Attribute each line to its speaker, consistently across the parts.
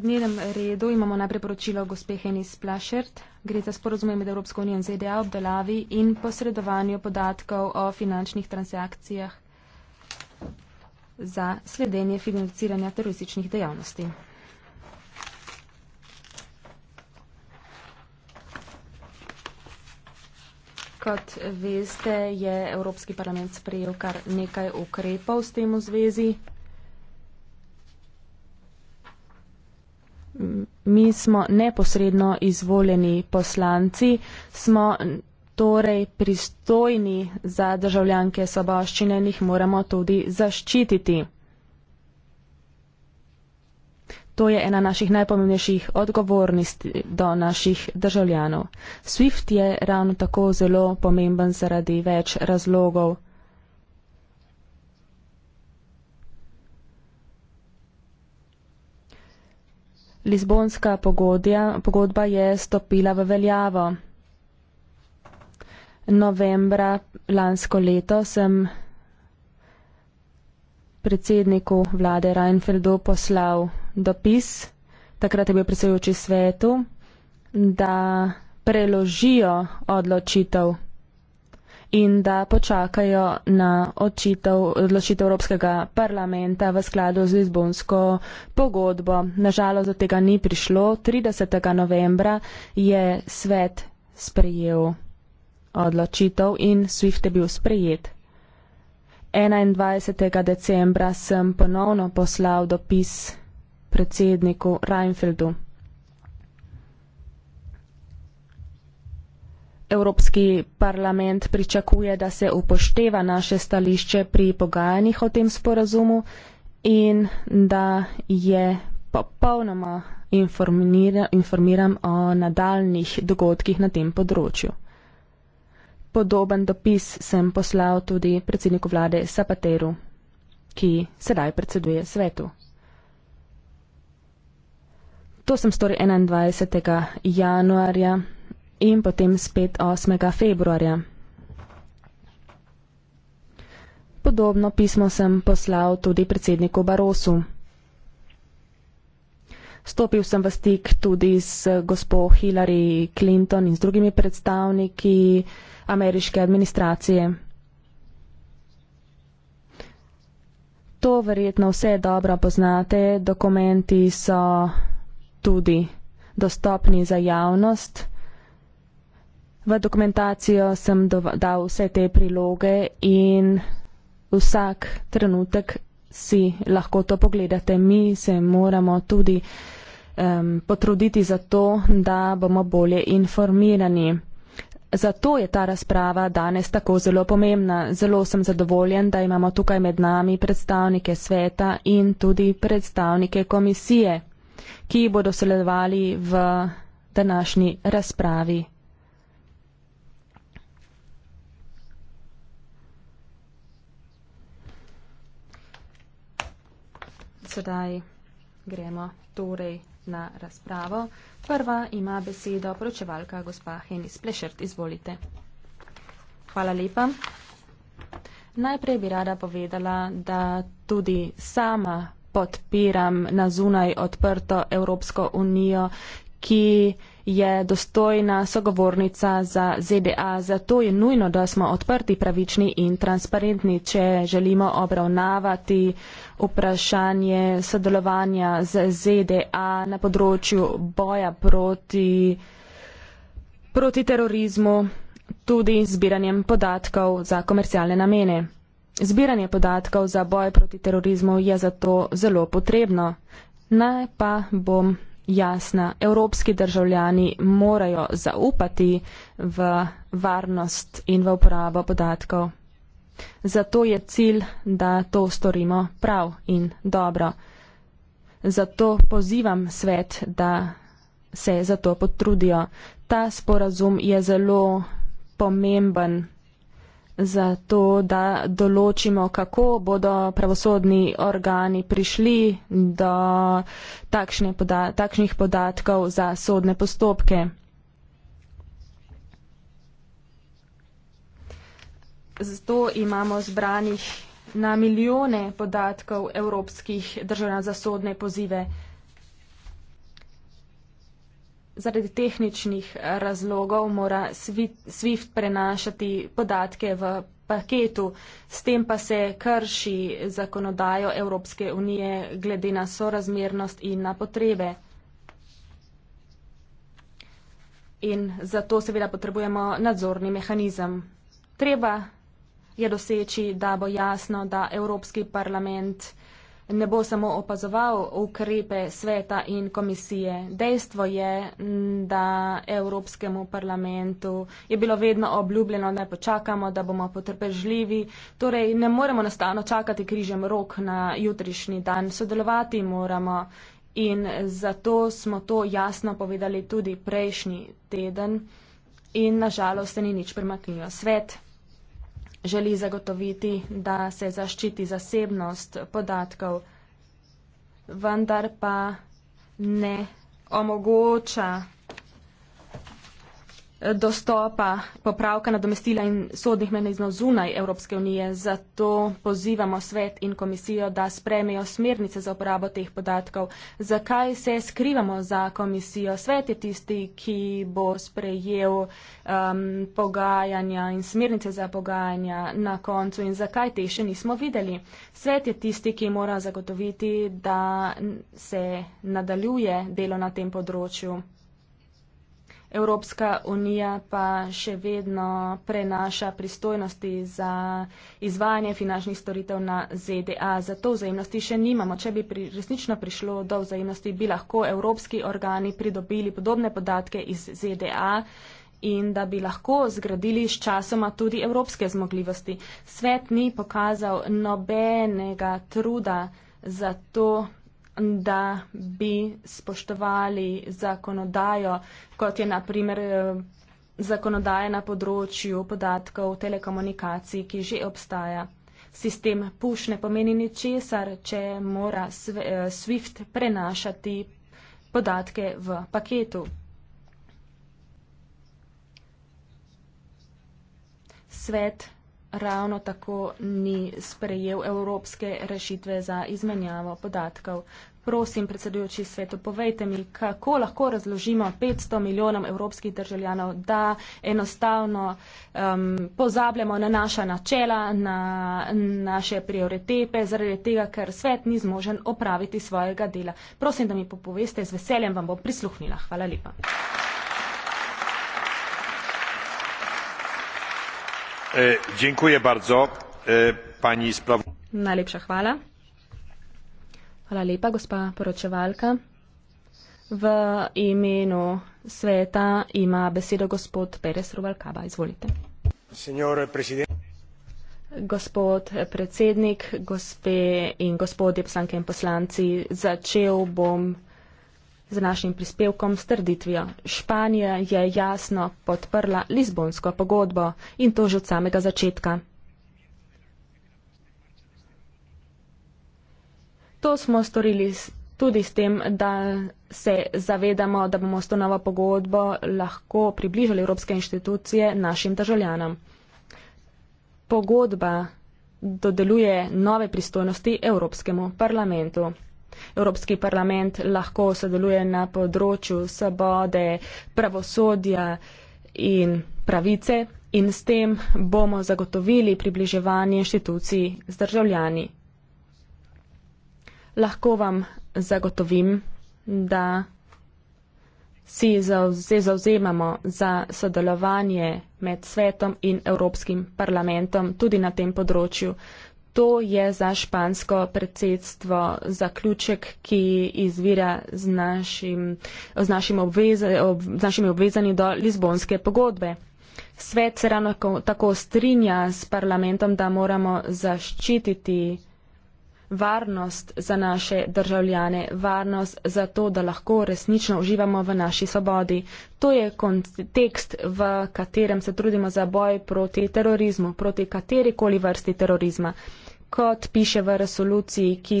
Speaker 1: dnevnem redu imamo najprej poročilo gospe Heni Splašert. Gre za sporozume med Evropsko unijo in ZDA o obdelavi in posredovanju podatkov o finančnih transakcijah za sledenje financiranja terorističnih dejavnosti. Kot veste, je Evropski parlament sprejel kar nekaj ukrepov s tem v zvezi. mi smo neposredno izvoljeni poslanci, smo torej pristojni za državljanke soboščine in jih moramo tudi zaščititi. To je ena naših najpomembnejših odgovornosti do naših državljanov. SWIFT je ravno tako zelo pomemben zaradi več razlogov. Lizbonska pogodja, pogodba je stopila v veljavo. Novembra lansko leto sem predsedniku vlade Reinfeldu poslal dopis, takrat je bil predsedujoči svetu, da preložijo odločitev in da počakajo na odločitev Evropskega parlamenta v skladu z Lizbonsko pogodbo. Nažalost, do tega ni prišlo. 30. novembra je svet sprejel odločitev in SWIFT je bil sprejet. 21. decembra sem ponovno poslal dopis predsedniku Reinfeldu. Evropski parlament pričakuje, da se upošteva naše stališče pri pogajanjih o tem sporazumu in da je popolnoma informiran o nadaljnih dogodkih na tem področju. Podoben dopis sem poslal tudi predsedniku vlade Zapateru, ki sedaj predseduje svetu. To sem storil 21. januarja in potem spet 8. februarja. Podobno pismo sem poslal tudi predsedniku Barosu. Stopil sem v stik tudi z gospo Hillary Clinton in z drugimi predstavniki ameriške administracije. To verjetno vse dobro poznate, dokumenti so tudi dostopni za javnost. V dokumentacijo sem dodal vse te priloge in vsak trenutek si lahko to pogledate. Mi se moramo tudi um, potruditi za to, da bomo bolje informirani. Zato je ta razprava danes tako zelo pomembna. Zelo sem zadovoljen, da imamo tukaj med nami predstavnike sveta in tudi predstavnike komisije, ki bodo sodelovali v današnji razpravi. Sedaj gremo torej na razpravo. Prva ima besedo pročevalka gospa Henis Plešert. Izvolite. Hvala lepa. Najprej bi rada povedala, da tudi sama podpiram na zunaj odprto Evropsko unijo, ki je dostojna sogovornica za ZDA, zato je nujno, da smo odprti, pravični in transparentni, če želimo obravnavati vprašanje sodelovanja z ZDA na področju boja proti, proti terorizmu, tudi zbiranjem podatkov za komercialne namene. Zbiranje podatkov za boj proti terorizmu je zato zelo potrebno. Naj pa bom jasna. Evropski državljani morajo zaupati v varnost in v uporabo podatkov. Zato je cilj, da to storimo prav in dobro. Zato pozivam svet, da se za to potrudijo. Ta sporazum je zelo pomemben za to, da določimo, kako bodo pravosodni organi prišli do takšne poda takšnih podatkov za sodne postopke. Zato imamo zbranih na milijone podatkov evropskih držav za sodne pozive zaradi tehničnih razlogov mora SWIFT prenašati podatke v paketu, s tem pa se krši zakonodajo Evropske unije glede na sorazmernost in na potrebe. In zato seveda potrebujemo nadzorni mehanizem. Treba je doseči, da bo jasno, da Evropski parlament ne bo samo opazoval ukrepe sveta in komisije. Dejstvo je, da Evropskemu parlamentu je bilo vedno obljubljeno, da počakamo, da bomo potrpežljivi. Torej, ne moremo nastavno čakati križem rok na jutrišnji dan. Sodelovati moramo in zato smo to jasno povedali tudi prejšnji teden. In nažalost se ni nič premaknilo. Svet želi zagotoviti, da se zaščiti zasebnost podatkov, vendar pa ne omogoča dostopa popravka nadomestila in sodnih menizmov zunaj Evropske unije. Zato pozivamo svet in komisijo, da spremejo smernice za uporabo teh podatkov. Zakaj se skrivamo za komisijo? Svet je tisti, ki bo sprejel um, pogajanja in smernice za pogajanja na koncu in zakaj te še nismo videli. Svet je tisti, ki mora zagotoviti, da se nadaljuje delo na tem področju. Evropska unija pa še vedno prenaša pristojnosti za izvajanje finančnih storitev na ZDA. Zato vzajemnosti še nimamo. Če bi pri, resnično prišlo do vzajemnosti, bi lahko evropski organi pridobili podobne podatke iz ZDA in da bi lahko zgradili s časoma tudi evropske zmogljivosti. Svet ni pokazal nobenega truda za to, da bi spoštovali zakonodajo, kot je naprimer eh, zakonodaja na področju podatkov telekomunikacij, ki že obstaja. Sistem PUŠ ne pomeni ničesar, če mora eh, SWIFT prenašati podatke v paketu. Svet ravno tako ni sprejel evropske rešitve za izmenjavo podatkov. Prosim, predsedujoči svetu, povejte mi, kako lahko razložimo 500 milijonom evropskih državljanov, da enostavno um, pozabljamo na naša načela, na naše prioritete, zaradi tega, ker svet ni zmožen opraviti svojega dela. Prosim, da mi popoveste, z veseljem vam bom prisluhnila. Hvala lepa.
Speaker 2: E, e
Speaker 1: Najlepša hvala. Hvala lepa, gospa poročevalka. V imenu sveta ima besedo gospod Perez Rubalkaba. Izvolite. Gospod predsednik, gospe in gospodje poslanke in poslanci, začel bom z našim prispevkom s trditvijo. Španija je jasno podprla Lizbonsko pogodbo in to že od samega začetka. To smo storili tudi s tem, da se zavedamo, da bomo s to novo pogodbo lahko približali evropske inštitucije našim državljanom. Pogodba dodeluje nove pristojnosti Evropskemu parlamentu. Evropski parlament lahko sodeluje na področju svobode, pravosodja in pravice in s tem bomo zagotovili približevanje inštitucij z državljani lahko vam zagotovim, da si se zauzemamo za sodelovanje med svetom in Evropskim parlamentom tudi na tem področju. To je za špansko predsedstvo zaključek, ki izvira z, našim, z, našim obveze, z našimi obvezani do Lizbonske pogodbe. Svet se ravno tako strinja s parlamentom, da moramo zaščititi varnost za naše državljane, varnost za to, da lahko resnično uživamo v naši svobodi. To je kontekst, v katerem se trudimo za boj proti terorizmu, proti katerikoli vrsti terorizma. Kot piše v resoluciji, ki,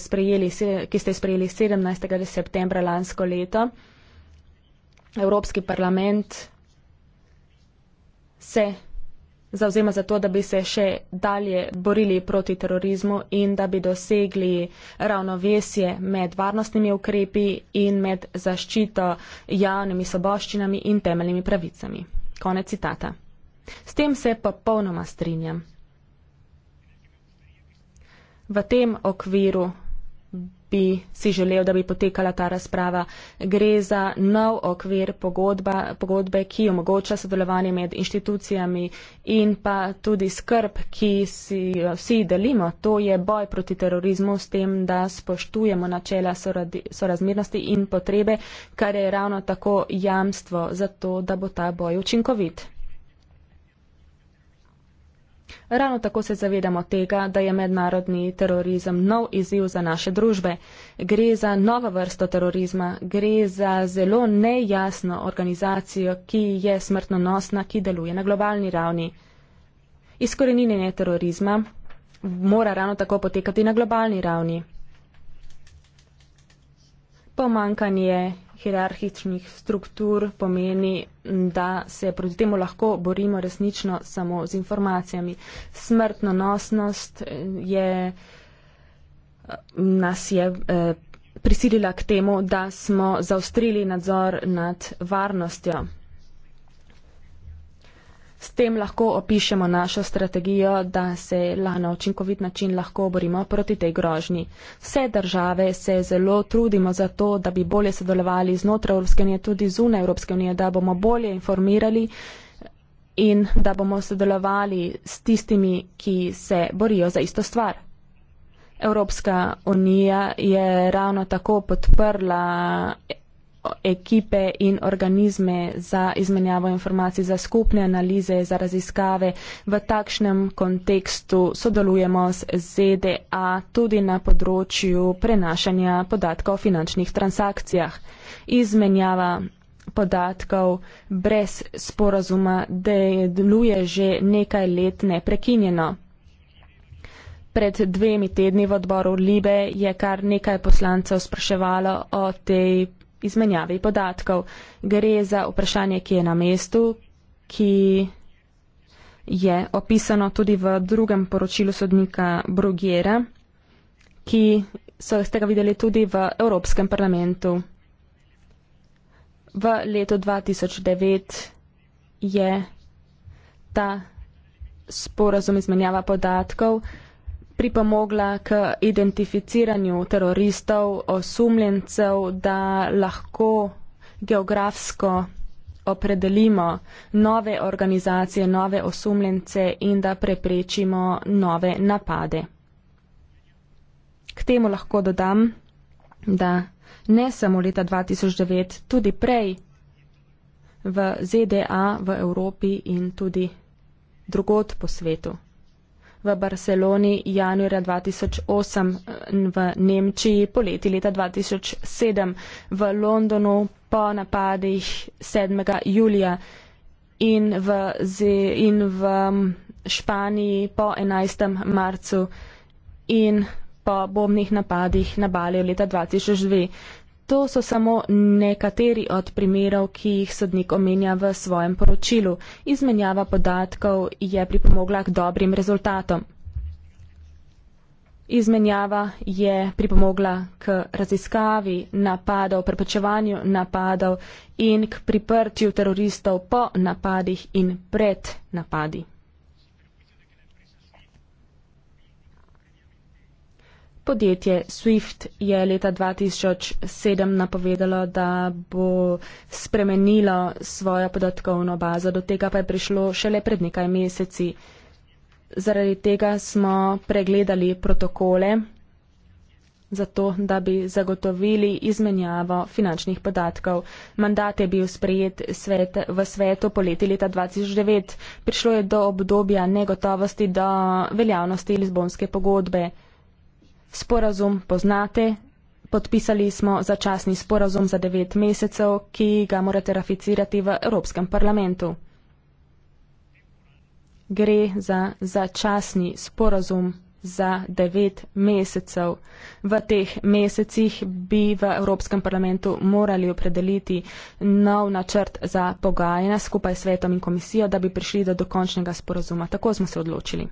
Speaker 1: sprejeli, ki ste sprejeli 17. septembra lansko leto, Evropski parlament se zauzema za to, da bi se še dalje borili proti terorizmu in da bi dosegli ravnovesje med varnostnimi ukrepi in med zaščito javnimi soboščinami in temeljnimi pravicami. Konec citata. S tem se popolnoma strinjam. V tem okviru bi si želel, da bi potekala ta razprava. Gre za nov okvir pogodba, pogodbe, ki omogoča sodelovanje med inštitucijami in pa tudi skrb, ki si jo vsi delimo. To je boj proti terorizmu s tem, da spoštujemo načela sorazmernosti in potrebe, kar je ravno tako jamstvo za to, da bo ta boj učinkovit. Ravno tako se zavedamo tega, da je mednarodni terorizem nov izziv za naše družbe. Gre za novo vrsto terorizma, gre za zelo nejasno organizacijo, ki je smrtnonosna, ki deluje na globalni ravni. Izkoreninjenje terorizma mora ravno tako potekati na globalni ravni. Pomankanje hierarhičnih struktur pomeni, da se proti temu lahko borimo resnično samo z informacijami. Smrtno nosnost eh, je, eh, nas je eh, prisilila k temu, da smo zaustrili nadzor nad varnostjo. S tem lahko opišemo našo strategijo, da se lahko na učinkovit način lahko borimo proti tej grožnji. Vse države se zelo trudimo za to, da bi bolje sodelovali znotraj Evropske unije, tudi zunaj Evropske unije, da bomo bolje informirali in da bomo sodelovali s tistimi, ki se borijo za isto stvar. Evropska unija je ravno tako podprla ekipe in organizme za izmenjavo informacij, za skupne analize, za raziskave. V takšnem kontekstu sodelujemo z ZDA tudi na področju prenašanja podatkov o finančnih transakcijah. Izmenjava podatkov brez sporazuma deluje že nekaj let neprekinjeno. Pred dvemi tedni v odboru Libe je kar nekaj poslancev spraševalo o tej izmenjavi podatkov. Gre za vprašanje, ki je na mestu, ki je opisano tudi v drugem poročilu sodnika Brugjera, ki so ste ga videli tudi v Evropskem parlamentu. V letu 2009 je ta sporazum izmenjava podatkov pripomogla k identificiranju teroristov, osumljencev, da lahko geografsko opredelimo nove organizacije, nove osumljence in da preprečimo nove napade. K temu lahko dodam, da ne samo leta 2009, tudi prej v ZDA, v Evropi in tudi drugot po svetu v Barceloni januarja 2008, eh, v Nemčiji poleti leta 2007, v Londonu po napadih 7. julija in v, in v mm, Španiji po 11. marcu in po bombnih napadih na Balijo leta 2002. To so samo nekateri od primerov, ki jih sodnik omenja v svojem poročilu. Izmenjava podatkov je pripomogla k dobrim rezultatom. Izmenjava je pripomogla k raziskavi napadov, prepočevanju napadov in k priprtju teroristov po napadih in pred napadi. Podjetje Swift je leta 2007 napovedalo, da bo spremenilo svojo podatkovno bazo, do tega pa je prišlo šele pred nekaj meseci. Zaradi tega smo pregledali protokole, zato da bi zagotovili izmenjavo finančnih podatkov. Mandat je bil sprejet svet, v svetu poleti leta 2009. Prišlo je do obdobja negotovosti do veljavnosti Lizbonske pogodbe sporazum poznate, podpisali smo začasni sporazum za devet mesecev, ki ga morate raficirati v Evropskem parlamentu. Gre za začasni sporazum za devet mesecev. V teh mesecih bi v Evropskem parlamentu morali opredeliti nov načrt za pogajanja skupaj s svetom in komisijo, da bi prišli do dokončnega sporazuma. Tako smo se odločili.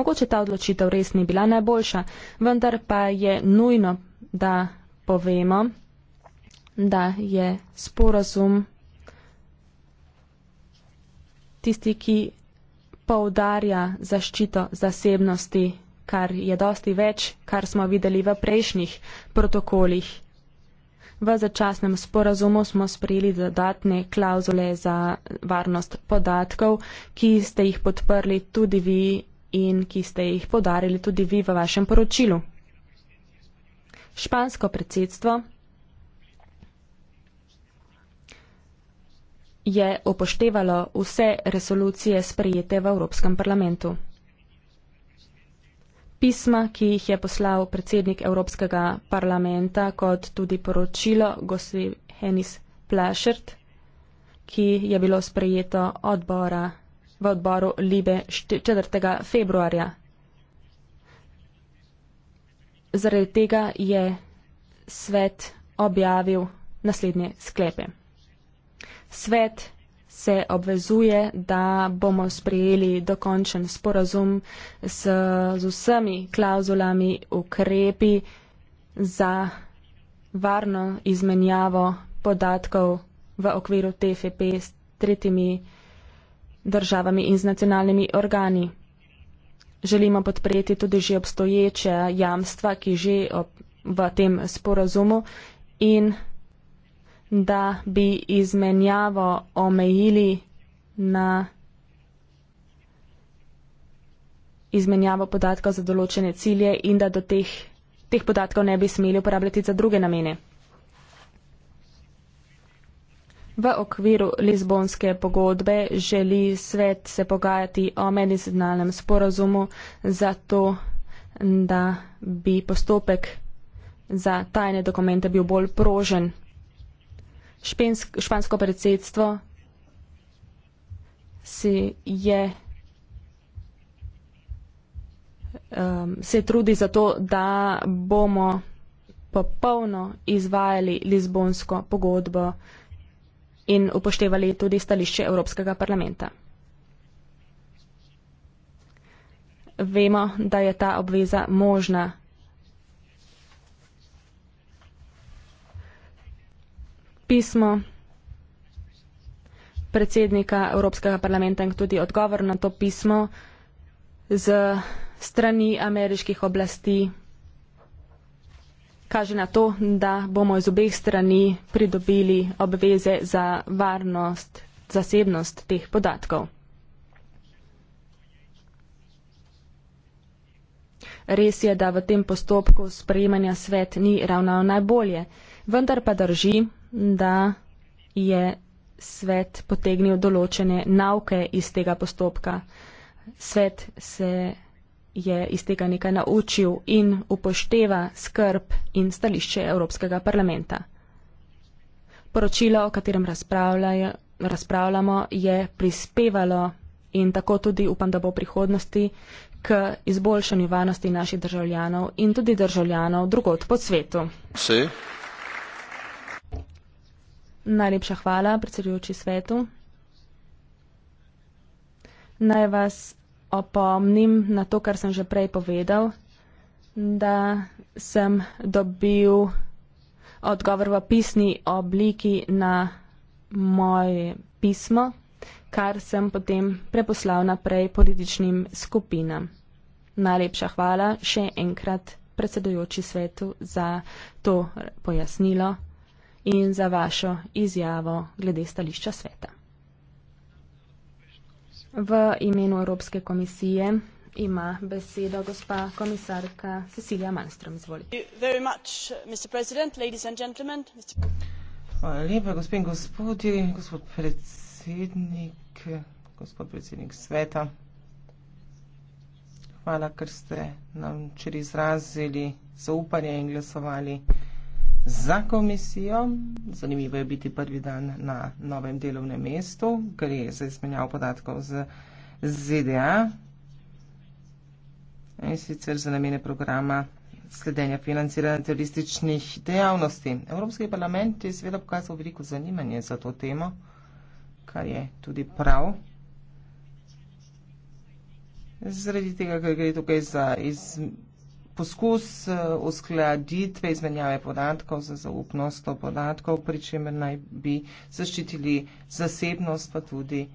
Speaker 1: Mogoče ta odločitev res ni bila najboljša, vendar pa je nujno, da povemo, da je sporazum tisti, ki poudarja zaščito zasebnosti, kar je dosti več, kar smo videli v prejšnjih protokolih. V začasnem sporazumu smo sprejeli dodatne klauzule za varnost podatkov, ki ste jih podprli tudi vi in ki ste jih podarili tudi vi v vašem poročilu. Špansko predsedstvo je upoštevalo vse resolucije sprejete v Evropskem parlamentu. Pisma, ki jih je poslal predsednik Evropskega parlamenta, kot tudi poročilo gospe Henis Plašert, ki je bilo sprejeto odbora v odboru Libe 4. februarja. Zaradi tega je svet objavil naslednje sklepe. Svet se obvezuje, da bomo sprejeli dokončen sporazum s, z vsemi klauzulami ukrepi za varno izmenjavo podatkov v okviru TFP s tretjimi državami državami in z nacionalnimi organi. Želimo podpreti tudi že obstoječe jamstva, ki že ob, v tem sporazumu in da bi izmenjavo omejili na izmenjavo podatkov za določene cilje in da do teh, teh podatkov ne bi smeli uporabljati za druge namene. V okviru Lizbonske pogodbe želi svet se pogajati o medicinalnem sporazumu zato, da bi postopek za tajne dokumente bil bolj prožen. Špensk, špansko predsedstvo si je, um, se trudi za to, da bomo popolno izvajali Lizbonsko pogodbo in upoštevali tudi stališče Evropskega parlamenta. Vemo, da je ta obveza možna. Pismo predsednika Evropskega parlamenta in tudi odgovor na to pismo z strani ameriških oblasti kaže na to, da bomo iz obeh strani pridobili obveze za varnost, zasebnost teh podatkov. Res je, da v tem postopku sprejemanja svet ni ravnal najbolje, vendar pa drži, da je svet potegnil določene nauke iz tega postopka. Svet se je iz tega nekaj naučil in upošteva skrb in stališče Evropskega parlamenta. Poročilo, o katerem razpravljamo, je prispevalo in tako tudi upam, da bo v prihodnosti k izboljšanju varnosti naših državljanov in tudi državljanov drugot po svetu. Si. Najlepša hvala, predsedujoči svetu. Naj vas opomnim na to, kar sem že prej povedal, da sem dobil odgovor v pisni obliki na moje pismo, kar sem potem preposlal naprej političnim skupinam. Najlepša hvala še enkrat predsedujoči svetu za to pojasnilo in za vašo izjavo glede stališča sveta. V imenu Evropske komisije ima besedo gospa komisarka Cecilija Malmström. Izvolite.
Speaker 2: Hvala lepa, gospe in gospodje, gospod predsednik, gospod predsednik sveta. Hvala, ker ste nam včeraj izrazili zaupanje in glasovali za komisijo. Zanimivo je biti prvi dan na novem delovnem mestu, gre za izmenjavo podatkov z ZDA in sicer za namene programa sledenja financiranja terorističnih dejavnosti. Evropski parlament je seveda pokazal veliko zanimanje za to temo, kar je tudi prav. Zaradi tega, ker gre tukaj za izmenjavo poskus eh, uskladitve izmenjave podatkov za zaupnost do podatkov, pri čemer naj bi zaščitili zasebnost pa tudi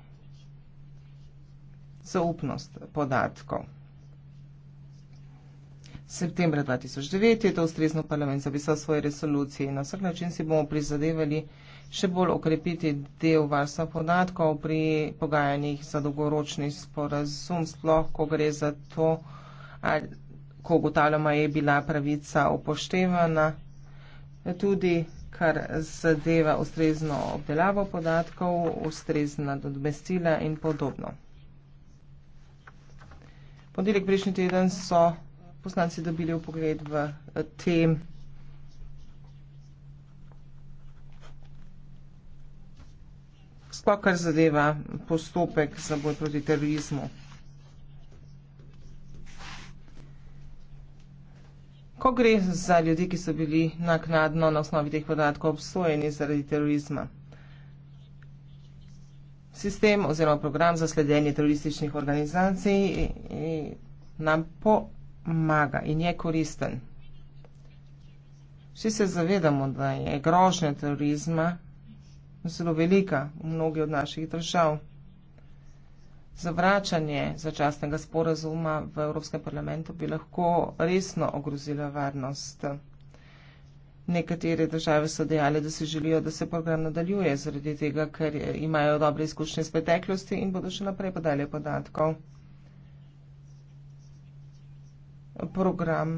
Speaker 2: zaupnost podatkov. Septembra 2009 je to ustrezno parlament zapisal svoje resolucije in na vsak način si bomo prizadevali še bolj okrepiti del varstva podatkov pri pogajanjih za dolgoročni sporazum, sploh ko gre za to, ali ko ugotavljamo, je bila pravica upoštevana, tudi kar zadeva ustrezno obdelavo podatkov, ustrezna dodmestila in podobno. Podelek prejšnji teden so poslanci dobili upogled v tem sklo, kar zadeva postopek za boj proti terorizmu. ko gre za ljudi, ki so bili naknadno na osnovi teh podatkov obsojeni zaradi terorizma. Sistem oziroma program za sledenje terorističnih organizacij eh, eh, nam pomaga in je koristen. Vsi se zavedamo, da je grožnja terorizma zelo velika v mnogi od naših držav zavračanje začasnega sporazuma v Evropskem parlamentu bi lahko resno ogrozilo varnost. Nekatere države so dejale, da si želijo, da se program nadaljuje zaradi tega, ker imajo dobre izkušnje iz preteklosti in bodo še naprej podali podatkov. Program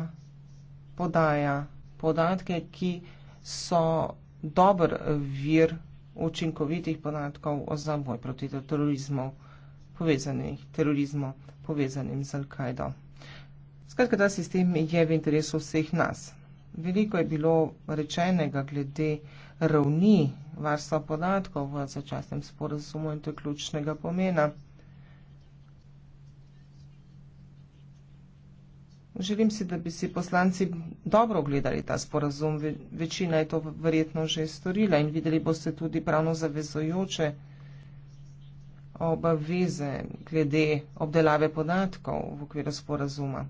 Speaker 2: podaja podatke, ki so dober vir učinkovitih podatkov za boj proti terorizmu povezanih terorizmu, povezanim z Al-Kaido. Skratka, ta sistem je v interesu vseh nas. Veliko je bilo rečenega glede ravni varstva podatkov v začasnem sporazumu in to je ključnega pomena. Želim si, da bi si poslanci dobro ogledali ta sporazum. Večina je to verjetno že storila in videli boste tudi pravno zavezojoče obaveze glede obdelave podatkov v okviru sporazuma.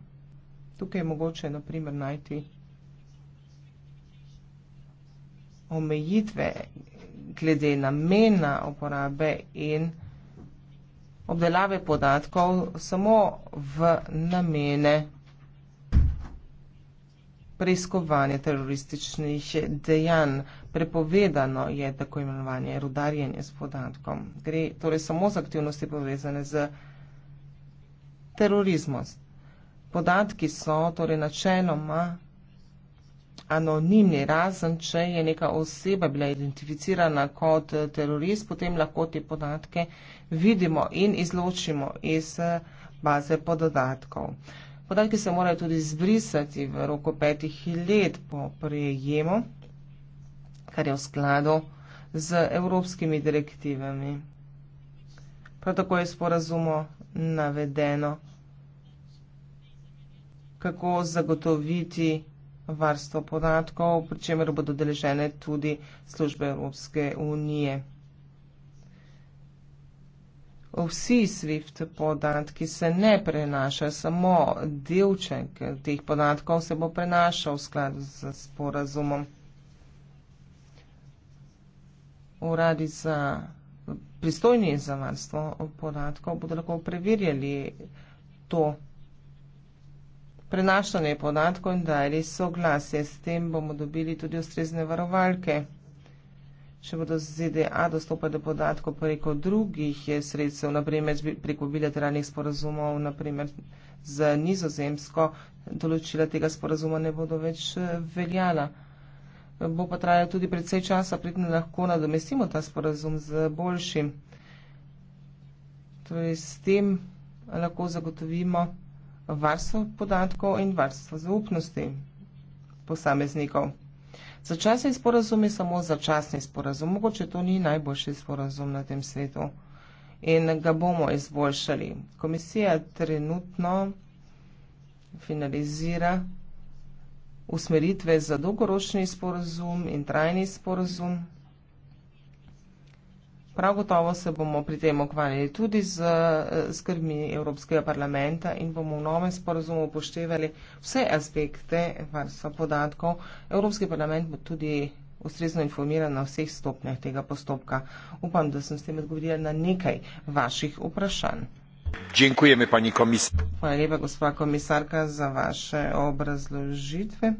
Speaker 2: Tukaj je mogoče naprimer najti omejitve glede namena uporabe in obdelave podatkov samo v namene preiskovanja terorističnih dejanj prepovedano je tako imenovanje rudarjenje s podatkom. Gre torej samo za aktivnosti povezane z terorizmom. Podatki so torej načeloma anonimni, razen če je neka oseba bila identificirana kot terorist, potem lahko te podatke vidimo in izločimo iz baze podatkov. Podatki se morajo tudi zbrisati v roku petih let po prejemu kar je v skladu z evropskimi direktivami. Prav tako je sporazumo navedeno, kako zagotoviti varstvo podatkov, pri čemer bodo deležene tudi službe Evropske unije. Vsi SWIFT podatki se ne prenašajo, samo delček teh podatkov se bo prenašal v skladu z sporazumom uradi za pristojni za varstvo podatkov bodo lahko preverjali to prenašanje podatkov in dali soglasje. S tem bomo dobili tudi ustrezne varovalke. Če bodo z ZDA dostopali do podatkov preko drugih eh, sredstev, naprimer preko bilateralnih sporazumov, naprimer z nizozemsko, določila tega sporazuma ne bodo več eh, veljala bo pa trajalo tudi predvsej časa, pridne lahko nadomestimo ta sporazum z boljšim. Torej s tem lahko zagotovimo varstvo podatkov in varstvo zaupnosti posameznikov. Začasni sporazum je samo začasni sporazum, mogoče to ni najboljši sporazum na tem svetu in ga bomo izboljšali. Komisija trenutno finalizira usmeritve za dolgoročni sporozum in trajni sporozum. Prav gotovo se bomo pri tem okvarjali tudi z eh, skrbmi Evropskega parlamenta in bomo v novem sporozumu upoštevali vse aspekte varstva podatkov. Evropski parlament bo tudi ustrezno informiran na vseh stopnjah tega postopka. Upam, da sem s tem odgovorila na nekaj vaših vprašanj. Dziękujemy pani komisarz. Hvala lepa, gospa komisarka, za vaše obrazložitve.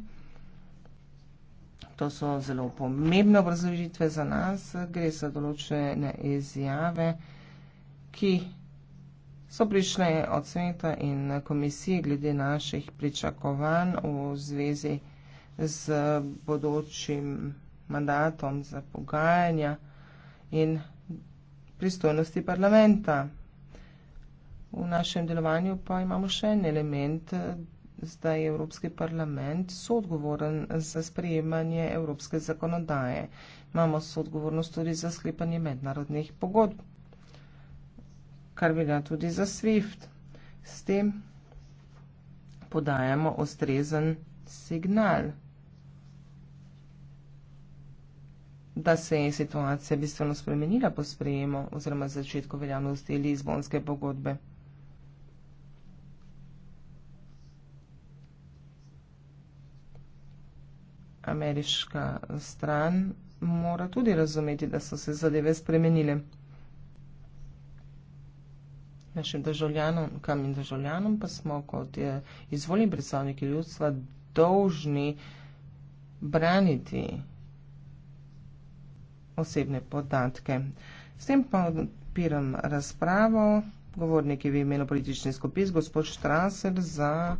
Speaker 2: To so zelo pomembne obrazložitve za nas. Gre za določene izjave, ki so prišle od sveta in komisije glede naših pričakovanj v zvezi z bodočim mandatom za pogajanja in pristojnosti parlamenta. V našem delovanju pa imamo še en element, da je Evropski parlament soodgovoren za sprejemanje evropske zakonodaje. Imamo soodgovornost tudi za sklepanje mednarodnih pogodb, kar velja tudi za SWIFT. S tem podajamo ustrezen signal. da se je situacija bistveno spremenila po sprejemu oziroma začetku veljavnosti Lizbonske pogodbe. ameriška stran mora tudi razumeti, da so se zadeve spremenile. Našim državljanom, kam in državljanom pa smo, kot je izvoljen predstavnik ljudstva, dolžni braniti osebne podatke. S tem pa odpiram razpravo. Govornik je v imenu politične skupine gospod Štraser za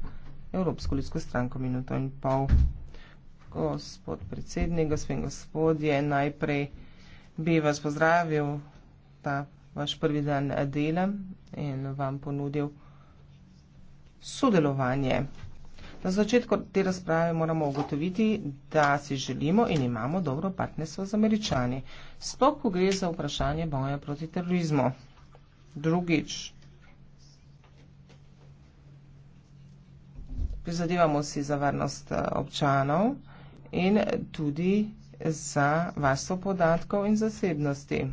Speaker 2: Evropsko ljudsko stranko minuto in pol gospod predsednik, gospod in gospodje, najprej bi vas pozdravil ta vaš prvi dan dela in vam ponudil sodelovanje. Na začetku te razprave moramo ugotoviti, da si želimo in imamo dobro partnerstvo z američani. Sploh, ko gre za vprašanje boja proti terorizmu. Drugič, prizadevamo si za varnost eh, občanov in tudi za varstvo podatkov in zasebnosti.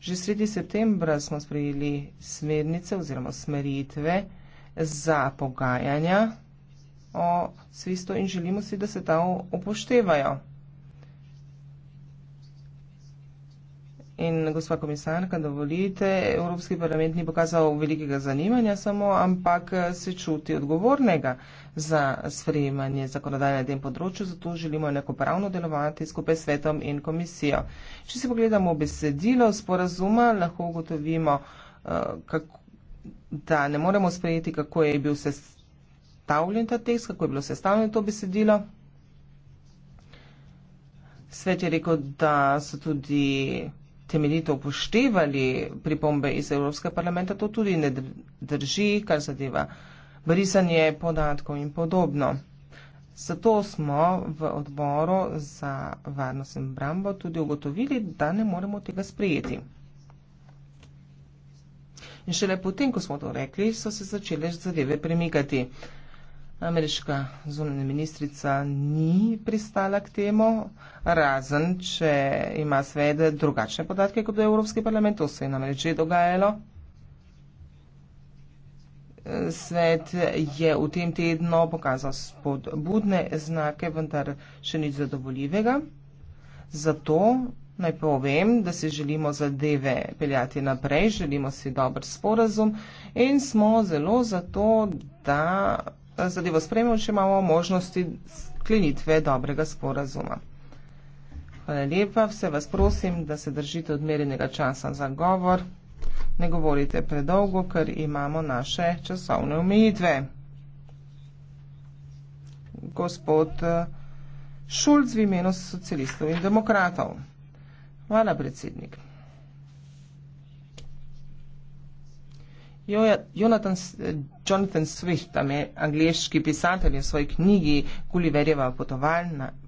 Speaker 2: Že sredi septembra smo sprejeli smernice oziroma smeritve za pogajanja o svisto in želimo si, da se ta upoštevajo. In gospa komisarka, dovolite, Evropski parlament ni pokazal velikega zanimanja samo, ampak se čuti odgovornega za sprejemanje zakonodaje na tem področju, zato želimo enakopravno delovati skupaj s svetom in komisijo. Če si pogledamo besedilo sporazuma, lahko ugotovimo, eh, da ne moremo sprejeti, kako je bil sestavljen ta tekst, kako je bilo sestavljeno to besedilo. Svet je rekel, da so tudi temeljito upoštevali pripombe iz Evropskega parlamenta, to tudi ne drži, kar zadeva brisanje podatkov in podobno. Zato smo v odboru za varnost in brambo tudi ugotovili, da ne moremo tega sprejeti. In šele potem, ko smo to rekli, so se začele zadeve premikati. Ameriška zunanja ministrica ni pristala k temu, razen če ima svede drugačne podatke kot v Evropski parlament, to se je namreč že dogajalo. Svet je v tem tednu pokazal spodbudne znake, vendar še nič zadovoljivega. Zato naj povem, da si želimo zadeve peljati naprej, želimo si dober sporazum in smo zelo zato, da zadevo spremljamo, če imamo možnosti sklenitve dobrega sporazuma. Hvala lepa, vse vas prosim, da se držite odmerenega časa za govor. Ne govorite predolgo, ker imamo naše časovne omejitve. Gospod eh, Šulc v imenu socialistov in demokratov. Hvala, predsednik. Jonathan, eh, Jonathan Swift, angliški pisatelj, je v svoji knjigi Gulliverjeva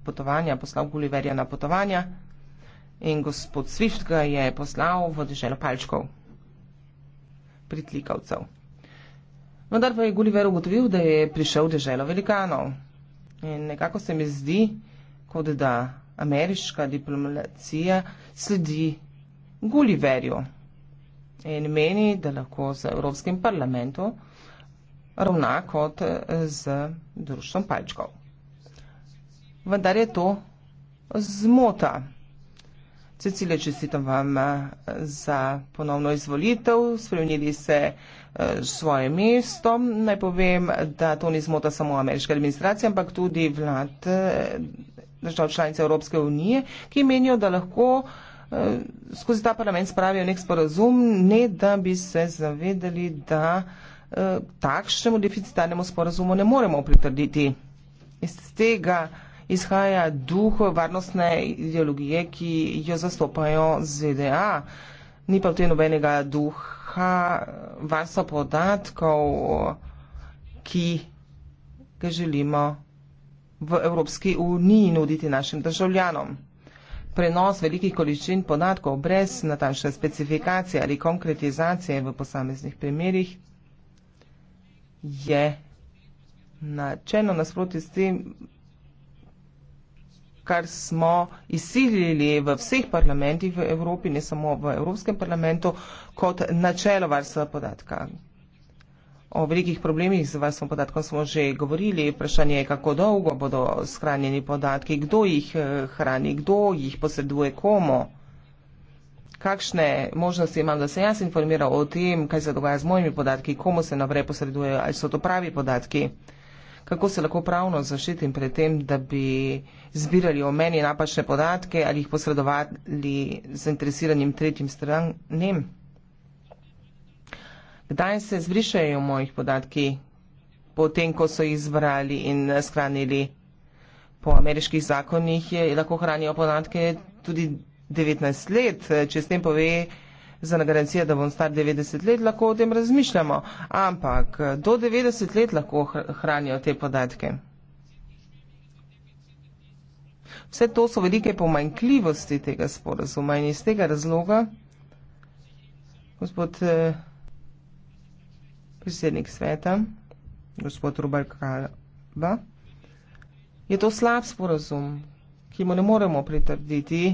Speaker 2: potovanja poslal Gulliverja na potovanja in gospod Swift ga je poslal v deželo palčkov, pritlikavcev. Vendar pa je Gulliver ugotovil, da je prišel v deželo velikanov. In nekako se mi zdi, kot da ameriška diplomacija sledi Gulliverju in meni, da lahko z Evropskim parlamentom ravna kot z društvom palčkov. Vendar je to zmota. Cecilija, čestitam vam eh, za ponovno izvolitev, spremenili se eh, svoje mesto. Naj povem, da to ni zmota samo ameriške administracije, ampak tudi vlad eh, držav članice Evropske unije, ki menijo, da lahko uh, Eh, skozi ta parlament spravijo nek sporazum, ne da bi se zavedali, da eh, takšnemu deficitarnemu sporazumu ne moremo pritrditi. Iz tega izhaja duh varnostne ideologije, ki jo zastopajo ZDA. Ni pa v tem nobenega duha varstva podatkov, ki ga želimo v Evropski uniji nuditi našim državljanom prenos velikih količin podatkov brez natančne specifikacije ali konkretizacije v posameznih primerih je načelno nasproti s tem, kar smo izsilili v vseh parlamentih v Evropi, ne samo v Evropskem parlamentu, kot načelo varstva podatka. O velikih problemih z varstvom podatkov smo že govorili. Vprašanje je, kako dolgo bodo shranjeni podatki, kdo jih eh, hrani, kdo jih poseduje, komu. Kakšne možnosti imam, da se jaz informiral o tem, kaj se dogaja z mojimi podatki, komu se naprej posredujejo, ali so to pravi podatki. Kako se lahko pravno zaščitim pred tem, da bi zbirali o meni napačne podatke ali jih posredovali zainteresiranim tretjim stranem? kdaj se zbrišajo mojih podatki, potem, ko so jih zbrali in eh, shranili. Po ameriških zakonih je, je lahko hranijo podatke tudi 19 let. Če s tem pove za nagarancijo, da bom star 90 let, lahko o tem razmišljamo. Ampak eh, do 90 let lahko hranijo te podatke. Vse to so velike pomanjkljivosti tega sporazuma in iz tega razloga, gospod. Eh, predsednik sveta, gospod Rubal Kalba. Je to slab sporazum, ki mu ne moremo pritrditi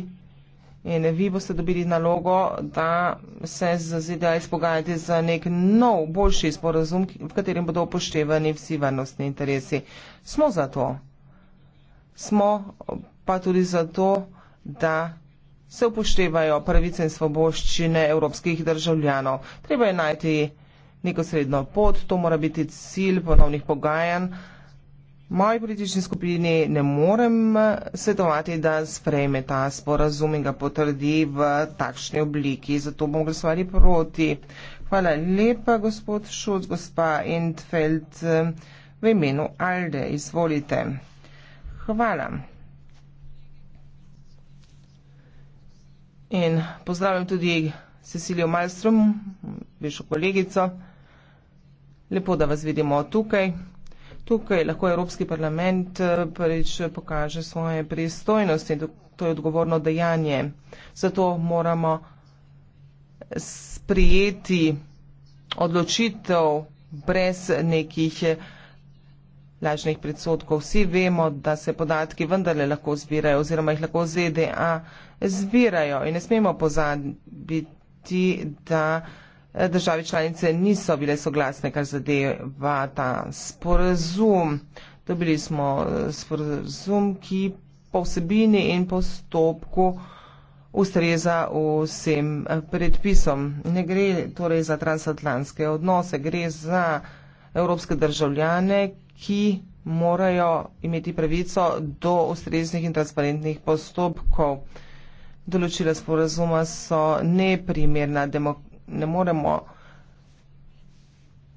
Speaker 2: in vi boste dobili nalogo, da se z ZDA izpogajate za nek nov, boljši sporazum, v katerem bodo upoštevani vsi varnostni interesi. Smo za to. Smo pa tudi za to, da se upoštevajo pravice in svoboščine evropskih državljanov. Treba je najti neko srednjo pot, to mora biti cilj ponovnih pogajanj. Moji politični skupini ne morem eh, svetovati, da sprejme ta sporazum in ga potrdi v takšni obliki, zato bomo glasovali proti. Hvala lepa, gospod Šuc, gospa Entfeld, eh, v imenu Alde, izvolite. Hvala. In pozdravljam tudi Cecilijo Malstrom, višjo kolegico. Lepo, da vas vidimo tukaj. Tukaj lahko Evropski parlament eh, prvič eh, pokaže svoje pristojnosti, to je odgovorno dejanje. Zato moramo sprijeti odločitev brez nekih eh, lažnih predsotkov. Vsi vemo, da se podatki vendarle lahko zbirajo oziroma jih lahko ZDA zbirajo in ne smemo pozabiti, da države članice niso bile soglasne, kar zadeva ta sporazum. Dobili smo eh, sporazum, ki po vsebini in postopku ustreza vsem eh, predpisom. Ne gre torej za transatlantske odnose, gre za evropske državljane, ki morajo imeti pravico do ustreznih in transparentnih postopkov. Določila sporazuma so neprimerna demokracija ne moremo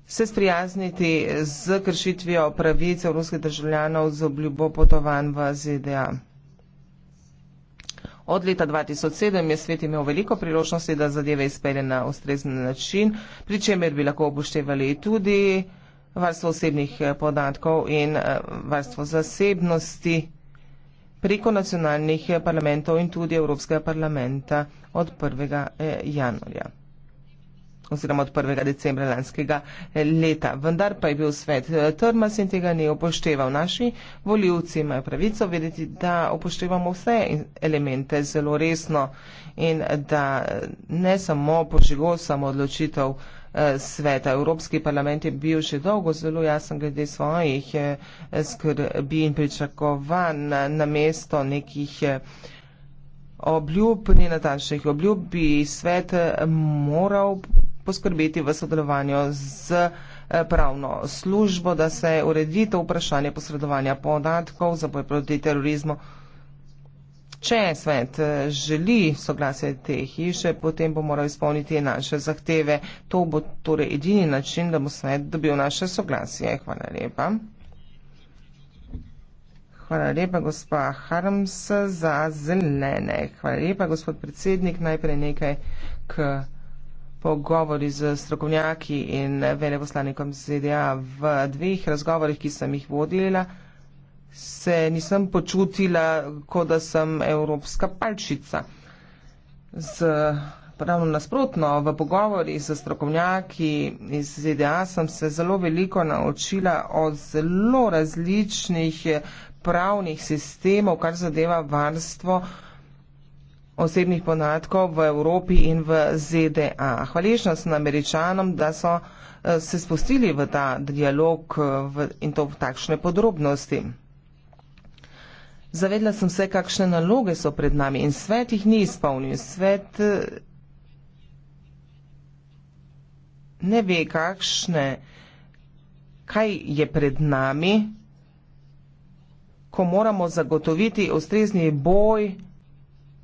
Speaker 2: se sprijazniti z kršitvijo pravic evropskih državljanov z obljubo potovanj v ZDA. Od leta 2007 je svet imel veliko priložnosti, da zadeve izpelje na ustrezen način, pri čemer bi lahko upoštevali tudi varstvo osebnih eh, podatkov in eh, varstvo zasebnosti preko nacionalnih eh, parlamentov in tudi Evropskega parlamenta od 1. januarja oziroma od 1. decembra lanskega eh, leta. Vendar pa je bil svet eh, trmas in tega ni upošteval. Naši voljivci imajo pravico vedeti, da upoštevamo vse elemente zelo resno in da eh, ne samo požigo samo odločitev sveta. Evropski parlament je bil že dolgo zelo jasen glede svojih skrbi in pričakovanj na mesto nekih obljub, ne natančnih obljub, bi svet moral poskrbeti v sodelovanju z eh, pravno službo, da se uredi to vprašanje posredovanja podatkov za boj proti terorizmu. Če svet eh, želi soglasje te hiše, potem bo moral izpolniti naše zahteve. To bo torej edini način, da bo svet dobil naše soglasje. Hvala lepa. Hvala lepa, gospa Harms, za zelene. Hvala lepa, gospod predsednik. Najprej nekaj k pogovori z strokovnjaki in veleposlanikom ZDA. V dveh razgovorih, ki sem jih vodila, se nisem počutila, kot da sem evropska palčica. Z Ravno nasprotno, v pogovori s strokovnjaki iz ZDA sem se zelo veliko naučila o zelo različnih pravnih sistemov, kar zadeva varstvo uh, osebnih podatkov v Evropi in v ZDA. Hvaležna sem američanom, da so eh, se spustili v ta dialog eh, in to v takšne podrobnosti. Zavedla sem se, kakšne naloge so pred nami in svet jih ni izpolnil. Svet eh, ne ve, kakšne, kaj je pred nami, ko moramo zagotoviti ustrezni boj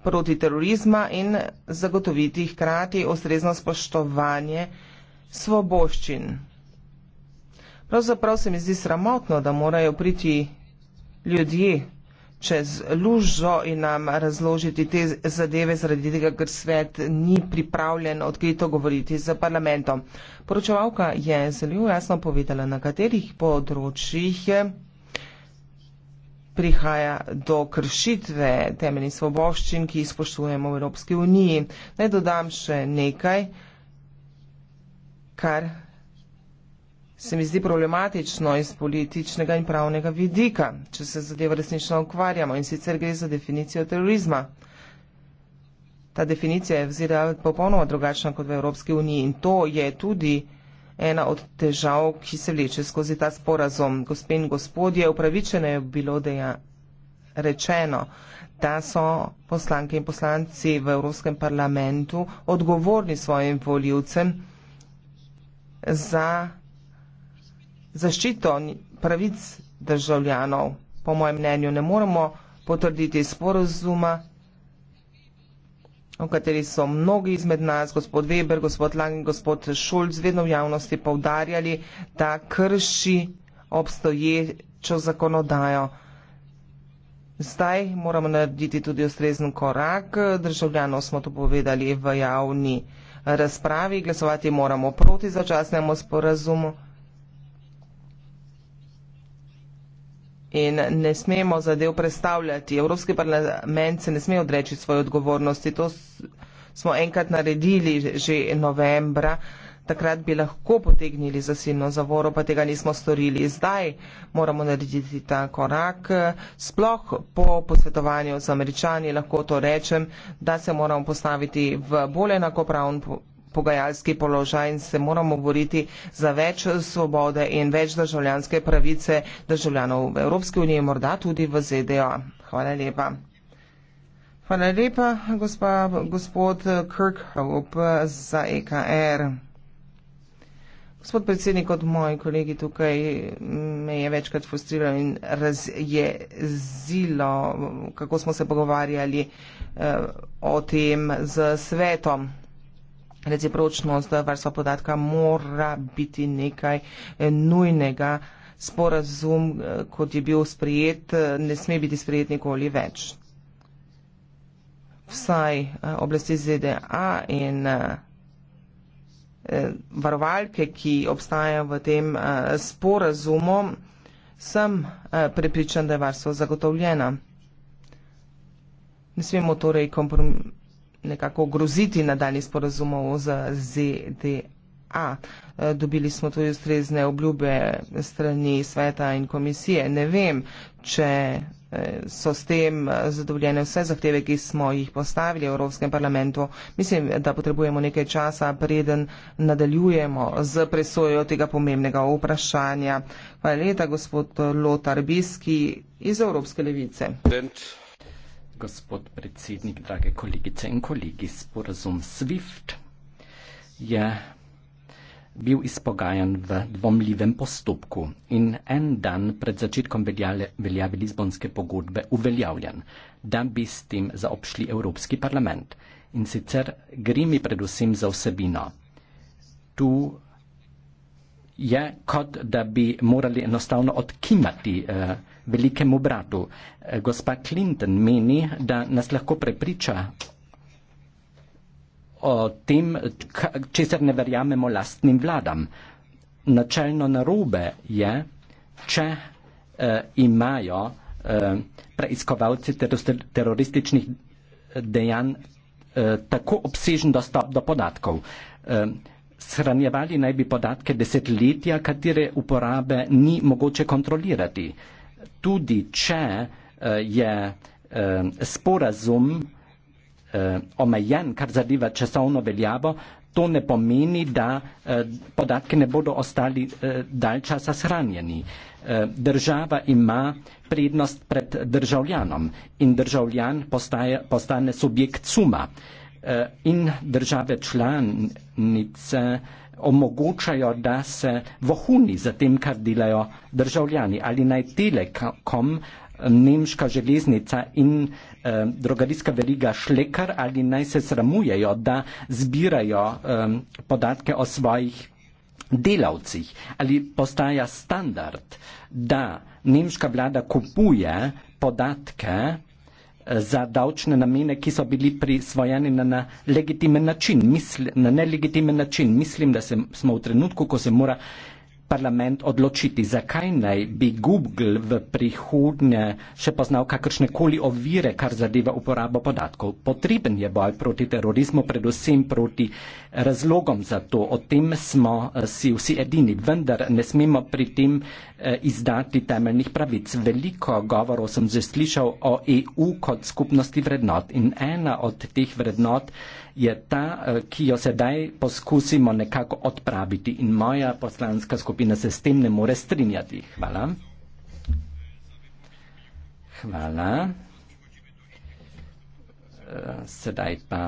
Speaker 2: proti terorizma in zagotoviti hkrati ustrezno spoštovanje svoboščin. Pravzaprav se mi zdi sramotno, da morajo priti ljudje čez lužo in nam razložiti te zadeve, zaradi tega, ker svet ni pripravljen odkrito govoriti z parlamentom. Poročevalka je zelo jasno povedala, na katerih področjih prihaja do kršitve temeljnih svoboščin, ki jih spoštujemo v Evropski uniji. Naj dodam še nekaj, kar se mi zdi problematično iz političnega in pravnega vidika, če se zadevo resnično ukvarjamo in sicer gre za definicijo terorizma. Ta definicija je vzela popolnoma drugačna kot v Evropski uniji in to je tudi ena od težav, ki se vleče skozi ta sporazum. Gospe in gospodje, upravičene je bilo, da je rečeno, da so poslanke in poslanci v Evropskem parlamentu odgovorni svojim voljivcem za zaščito pravic državljanov. Po mojem mnenju ne moremo potrditi sporozuma o kateri so mnogi izmed nas, gospod Weber, gospod Lang in gospod Šulc, vedno v javnosti povdarjali, da krši obstoječo zakonodajo. Zdaj moramo narediti tudi ustrezen korak. Državljanov smo to povedali v javni razpravi. Glasovati moramo proti začasnemu sporazumu. in ne smemo zadev predstavljati. Evropski parlament se ne sme odreči svoje odgovornosti. To smo enkrat naredili že novembra. Takrat bi lahko potegnili zasilno zavoro, pa tega nismo storili. Zdaj moramo narediti ta korak. Sploh po posvetovanju z američani lahko to rečem, da se moramo postaviti v bolj enakopravn pogajalski položaj in se moramo boriti za več svobode in več državljanske pravice državljanov v Evropske unije, morda tudi v ZDA. Hvala lepa. Hvala lepa, gospa, gospod Kirkhoop za EKR. Gospod predsednik, kot moji kolegi tukaj, me je večkrat frustriralo in razjezilo, kako smo se pogovarjali eh, o tem z svetom recipročnost varstva podatka mora biti nekaj eh, nujnega. Sporazum, eh, kot je bil sprejet, eh, ne sme biti sprejet nikoli več. Vsaj oblasti ZDA in varovalke, ki obstajajo v tem sporazumu, sem prepričan, da je varstvo zagotovljena. Ne smemo torej kompromitirati nekako groziti nadaljnih sporazumov z ZDA. E, dobili smo tudi ustrezne obljube strani sveta in komisije. Ne vem, če e, so s tem e, zadovoljene vse zahteve, ki smo jih postavili v Evropskem parlamentu. Mislim, da potrebujemo nekaj časa, preden nadaljujemo z presojo tega pomembnega vprašanja. Hvala leta, gospod Lotar Biski iz Evropske levice.
Speaker 3: Bent gospod predsednik, drage kolegice in kolegi. Sporazum SWIFT je bil izpogajan v dvomljivem postopku in en dan pred začetkom veljave Lizbonske pogodbe uveljavljen, da bi s tem zaobšli Evropski parlament. In sicer gre mi predvsem za vsebino. Tu je kot, da bi morali enostavno odkimati eh, velikemu bratu. Eh, gospa Clinton meni, da nas lahko prepriča o tem, česar ne verjamemo lastnim vladam. Načelno narobe je, če eh, imajo eh, preiskovalci terorističnih dejanj eh, tako obsežen dostop do podatkov. Eh, shranjevali naj bi podatke desetletja, katere uporabe ni mogoče kontrolirati. Eh, tudi če eh, je eh, sporazum eh, omejen, kar zadeva časovno veljavo, to ne pomeni, da podatki ne bodo ostali dalj časa shranjeni. Država ima prednost pred državljanom in državljan postaje, postane subjekt suma in države članice omogočajo, da se vohuni za tem, kar delajo državljani. Ali naj Telekom, nemška železnica in eh, drogarijska veriga Šlekar, ali naj se sramujejo, da zbirajo eh, podatke o svojih delavcih. Ali postaja standard, da nemška vlada kupuje podatke za davčne namene, ki so bili prisvojeni na, na legitimen način, misl, na nelegitimen način. Mislim, da se, smo v trenutku, ko se mora parlament odločiti, zakaj naj bi Google v prihodnje še poznal kakršne koli ovire, kar zadeva uporabo podatkov. Potreben je boj proti terorizmu, predvsem proti razlogom za to. O tem smo eh, si vsi edini, vendar ne smemo pri tem eh, izdati temeljnih pravic. Veliko govorov sem že slišal o EU kot skupnosti vrednot in ena od teh vrednot je ta, eh, ki jo sedaj poskusimo nekako odpraviti in moja poslanska skupina se s tem ne more strinjati. Hvala. Hvala. Eh, sedaj pa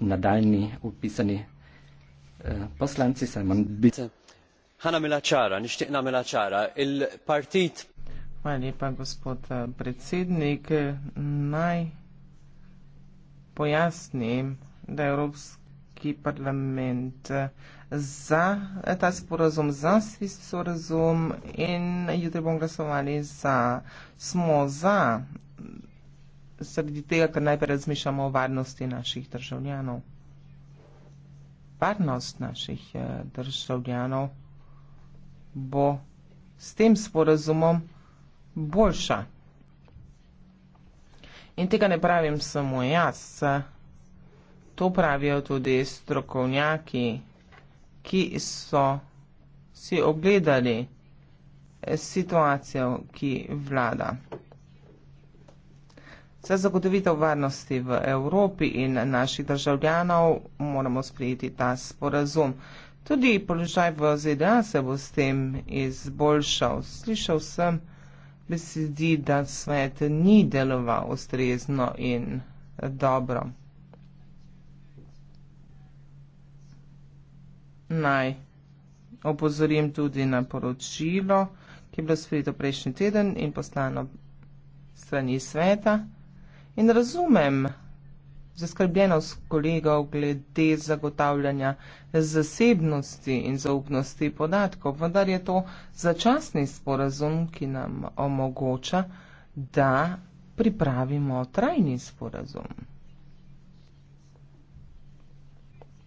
Speaker 3: nadaljni upisani eh, poslanci Simon Bice. Hanna Melačara, Ništena Melačara, il partit.
Speaker 2: Hvala lepa, gospod predsednik. Naj pojasnim da je Evropski parlament eh, za eh, ta sporazum, za svist sporazum in jutri bomo glasovali za, smo za, sredi tega, ker najprej razmišljamo o varnosti naših državljanov. Varnost naših eh, državljanov bo s tem sporazumom boljša. In tega ne pravim samo jaz, to pravijo tudi strokovnjaki, ki so si ogledali eh, situacijo, ki vlada. Za zagotovitev varnosti v Evropi in naših državljanov moramo sprejeti ta sporazum. Tudi položaj v ZDA se bo s tem izboljšal. Slišal sem besedi, da svet ni deloval ustrezno in dobro. naj opozorim tudi na poročilo, ki je bilo sprejeto prejšnji teden in poslano strani sveta. In razumem zaskrbljenost kolegov glede zagotavljanja zasebnosti in zaupnosti podatkov, vendar je to začasni sporazum, ki nam omogoča, da pripravimo trajni sporazum.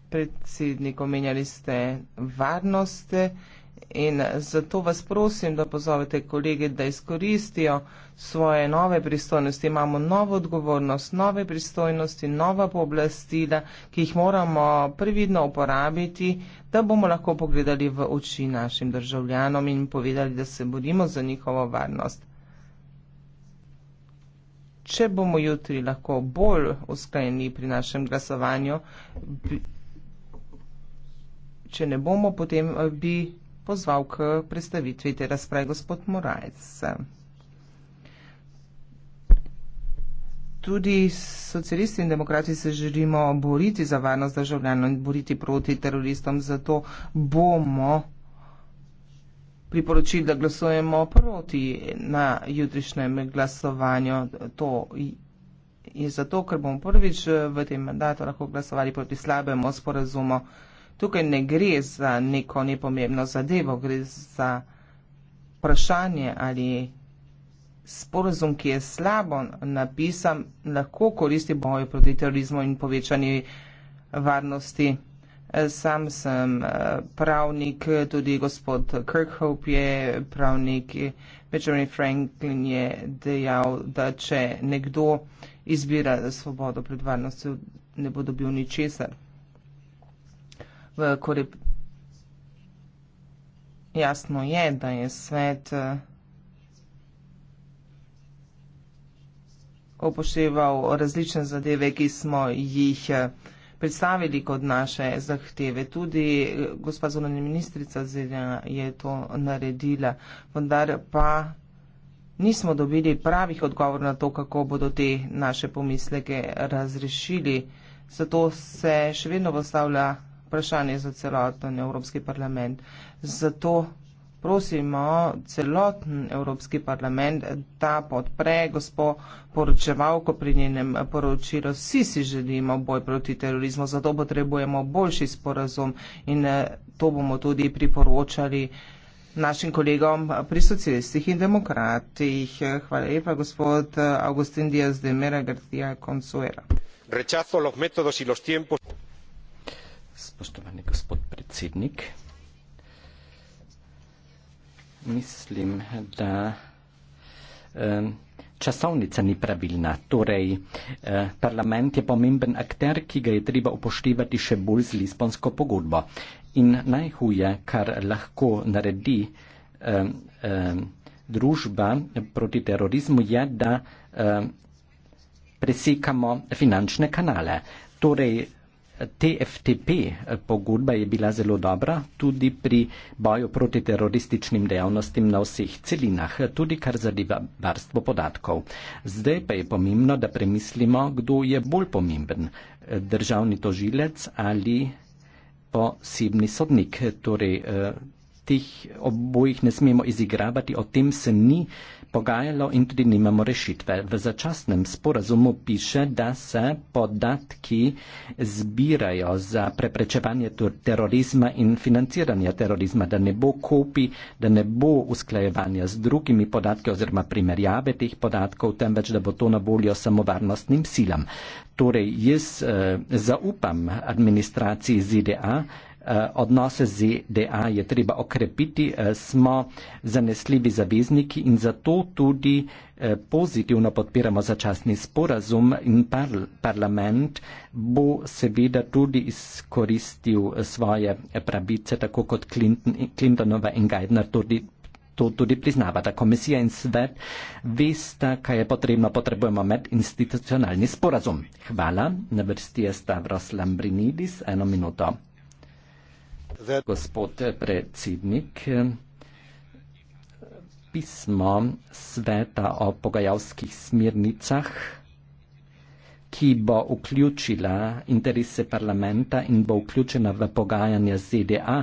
Speaker 2: predsednik, omenjali ste varnost in zato vas prosim, da pozovete kolege, da izkoristijo svoje nove pristojnosti. Imamo novo odgovornost, nove pristojnosti, nova pooblastila, ki jih moramo previdno uporabiti, da bomo lahko pogledali v oči našim državljanom in povedali, da se borimo za njihovo varnost. Če bomo jutri lahko bolj usklajeni pri našem glasovanju, če ne bomo, potem eh, bi pozval k predstavitvi te razprave gospod Morajec. Tudi socialisti in demokrati se želimo boriti za varnost državljanov in boriti proti teroristom, zato bomo priporočili, da glasujemo proti na jutrišnjem glasovanju. To je zato, ker bomo prvič v tem mandatu lahko glasovali proti slabemu sporazumu tukaj ne gre za neko nepomembno zadevo, gre za vprašanje ali sporozum, ki je slabo napisan, lahko koristi boju proti terorizmu in povečanju varnosti. Sam sem eh, pravnik, tudi gospod Kirkhope je pravnik, Benjamin Franklin je dejal, da če nekdo izbira svobodo pred varnostjo, ne bo dobil ničesar v kore... Jasno je, da je svet eh, upošteval različne zadeve, ki smo jih eh, predstavili kot naše zahteve. Tudi eh, gospa zunanja ministrica je to naredila, vendar pa nismo dobili pravih odgovor na to, kako bodo te naše pomisleke razrešili. Zato se še vedno postavlja vprašanje za celoten Evropski parlament. Zato prosimo celoten Evropski parlament, da podpre gospo poročevalko pri njenem poročilu. Vsi si želimo boj proti terorizmu, zato potrebujemo boljši sporazum in eh, to bomo tudi priporočali našim kolegom pri socialistih in demokratih. Hvala lepa, gospod eh, Augustin Diaz de Mera Garcia Consuera.
Speaker 3: Rechazo los métodos y los tiempos. Spoštovani gospod predsednik, mislim, da časovnica ni pravilna. Torej, e, parlament je pomemben akter, ki ga je treba upoštevati še bolj z Lisbonsko pogodbo. In najhuje, kar lahko naredi družba proti terorizmu, je, da presekamo finančne kanale. Torej, TFTP eh, pogodba je bila zelo dobra tudi pri boju proti terorističnim dejavnostim na vseh celinah, tudi kar zadeva varstvo podatkov. Zdaj pa je pomembno, da premislimo, kdo je bolj pomemben, eh, državni tožilec ali posebni sodnik. Torej, eh, teh obojih ne smemo izigravati, o tem se ni pogajalo in tudi nimamo rešitve. V začasnem sporazumu piše, da se podatki zbirajo za preprečevanje terorizma in financiranje terorizma, da ne bo kopi, da ne bo usklajevanja z drugimi podatki oziroma primerjave teh podatkov, temveč da bo to na voljo samovarnostnim silam. Torej, jaz eh, zaupam administraciji ZDA, Eh, odnose z ZDA je treba okrepiti, eh, smo zanesljivi zavezniki in zato tudi eh, pozitivno podpiramo začasni sporazum in parl parlament bo seveda tudi izkoristil svoje pravice, tako kot Clinton, Clintonova in Geidner tudi. To tudi priznava, da komisija in svet veste, kaj je potrebno, potrebujemo medinstitucionalni sporazum. Hvala. Na vrsti je Stavros Lambrinidis. Eno minuto. Gospod predsednik, pismo sveta o pogajalskih smernicah, ki bo vključila interese parlamenta in bo vključena v pogajanja ZDA,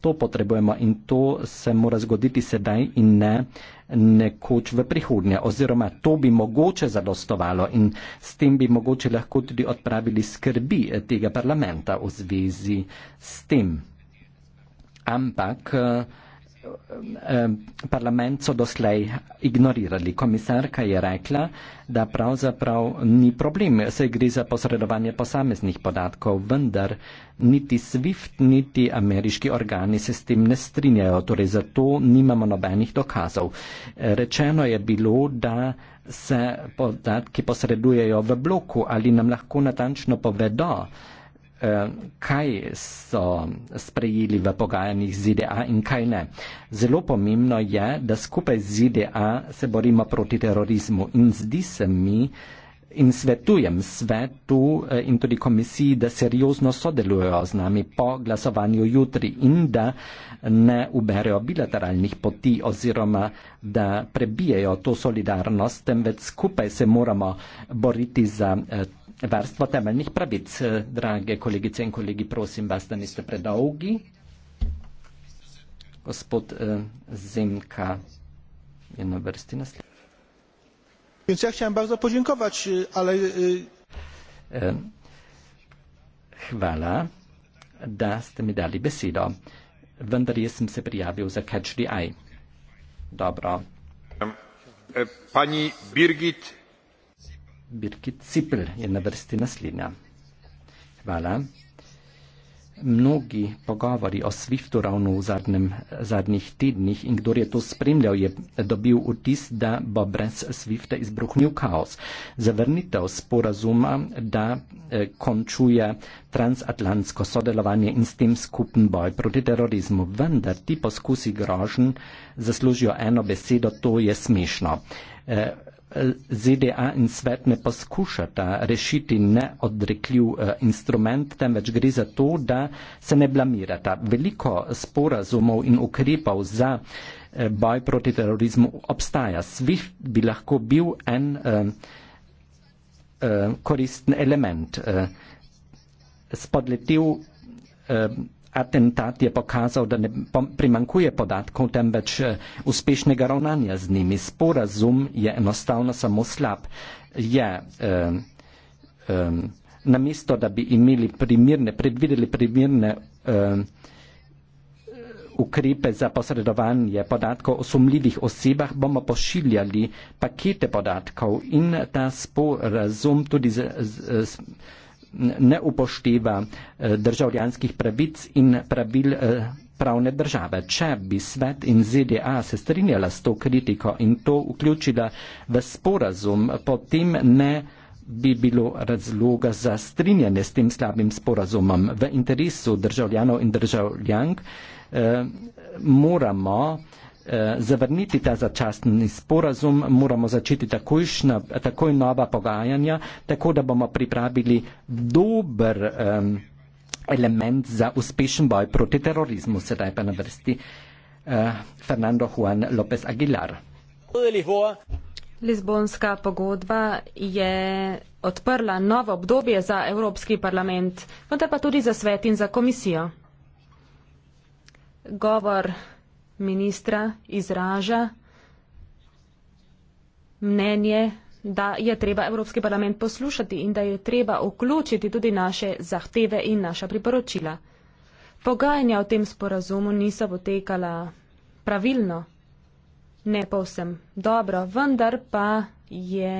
Speaker 3: to potrebujemo in to se mora zgoditi sedaj in ne nekoč v prihodnje. Oziroma to bi mogoče zadostovalo in s tem bi mogoče lahko tudi odpravili skrbi tega parlamenta v zvezi s tem ampak eh, eh, parlament so doslej ignorirali. Komisarka je rekla, da pravzaprav ni problem, se gre za posredovanje posameznih podatkov, vendar niti SWIFT, niti ameriški organi se s tem ne strinjajo, torej zato nimamo nobenih dokazov. Rečeno je bilo, da se podatki posredujejo v bloku ali nam lahko natančno povedo, Eh, kaj so sprejeli v pogajanjih ZDA in kaj ne. Zelo pomembno je, da skupaj z ZDA se borimo proti terorizmu in zdi se mi in svetujem svetu eh, in tudi komisiji, da seriozno sodelujo z nami po glasovanju jutri in da ne uberejo bilateralnih poti oziroma da prebijejo to solidarnost, temveč skupaj se moramo boriti za eh, varstvo temeljnih pravic. Eh, drage kolegice in kolegi, prosim vas, da niste predolgi. Gospod eh, Zemka je na vrsti naslednji. Więc
Speaker 2: ja chciałem bardzo podziękować, e, ale... E,
Speaker 3: eh, hvala, da ste mi dali besedo. Vendar jaz sem se prijavil za Catch the Eye. Dobro.
Speaker 2: E, pani Birgit
Speaker 3: Birgit Cipl je na vrsti naslednja. Hvala. Mnogi pogovori o Swiftu ravno v zadnjem, zadnjih tednih in kdo je to spremljal, je dobil vtis, da bo brez Swifta izbruhnil kaos. Zavrnitev sporazuma, da eh, končuje transatlantsko sodelovanje in s tem skupen boj proti terorizmu. Vendar ti poskusi grožen zaslužijo eno besedo, to je smešno. Eh, ZDA in svet ne poskušata rešiti neodrekljiv eh, instrument, temveč gre za to, da se ne blamirata. Veliko sporazumov in ukrepov za eh, boj proti terorizmu obstaja. Svih bi lahko bil en eh, koristen element. Spodletel atentat je pokazal, da ne primankuje podatkov, temveč eh, uspešnega ravnanja z njimi. Sporazum je enostavno samo slab. Je, um, um, namesto, da bi imeli primirne, predvideli primirne um, ukrepe za posredovanje podatkov o sumljivih osebah, bomo pošiljali pakete podatkov in ta sporazum tudi z, z, z, ne upošteva eh, državljanskih pravic in pravil eh, pravne države. Če bi svet in ZDA se strinjala s to kritiko in to vključila v sporazum, potem ne bi bilo razloga za strinjanje s tem slabim sporazumom. V interesu državljanov in državljank eh, moramo eh, Eh, zavrniti ta začasni sporazum, moramo začeti takojšna, takoj nova pogajanja, tako da bomo pripravili dober um, element za uspešen boj proti terorizmu. Sedaj pa na vrsti uh, Fernando Juan López Aguilar.
Speaker 1: Lizbonska pogodba je odprla novo obdobje za Evropski parlament, vendar pa tudi za svet in za komisijo. Govor ministra izraža mnenje, da je treba Evropski parlament poslušati in da je treba vključiti tudi naše zahteve in naša priporočila. Pogajanja o tem sporazumu niso potekala pravilno, ne povsem dobro, vendar pa je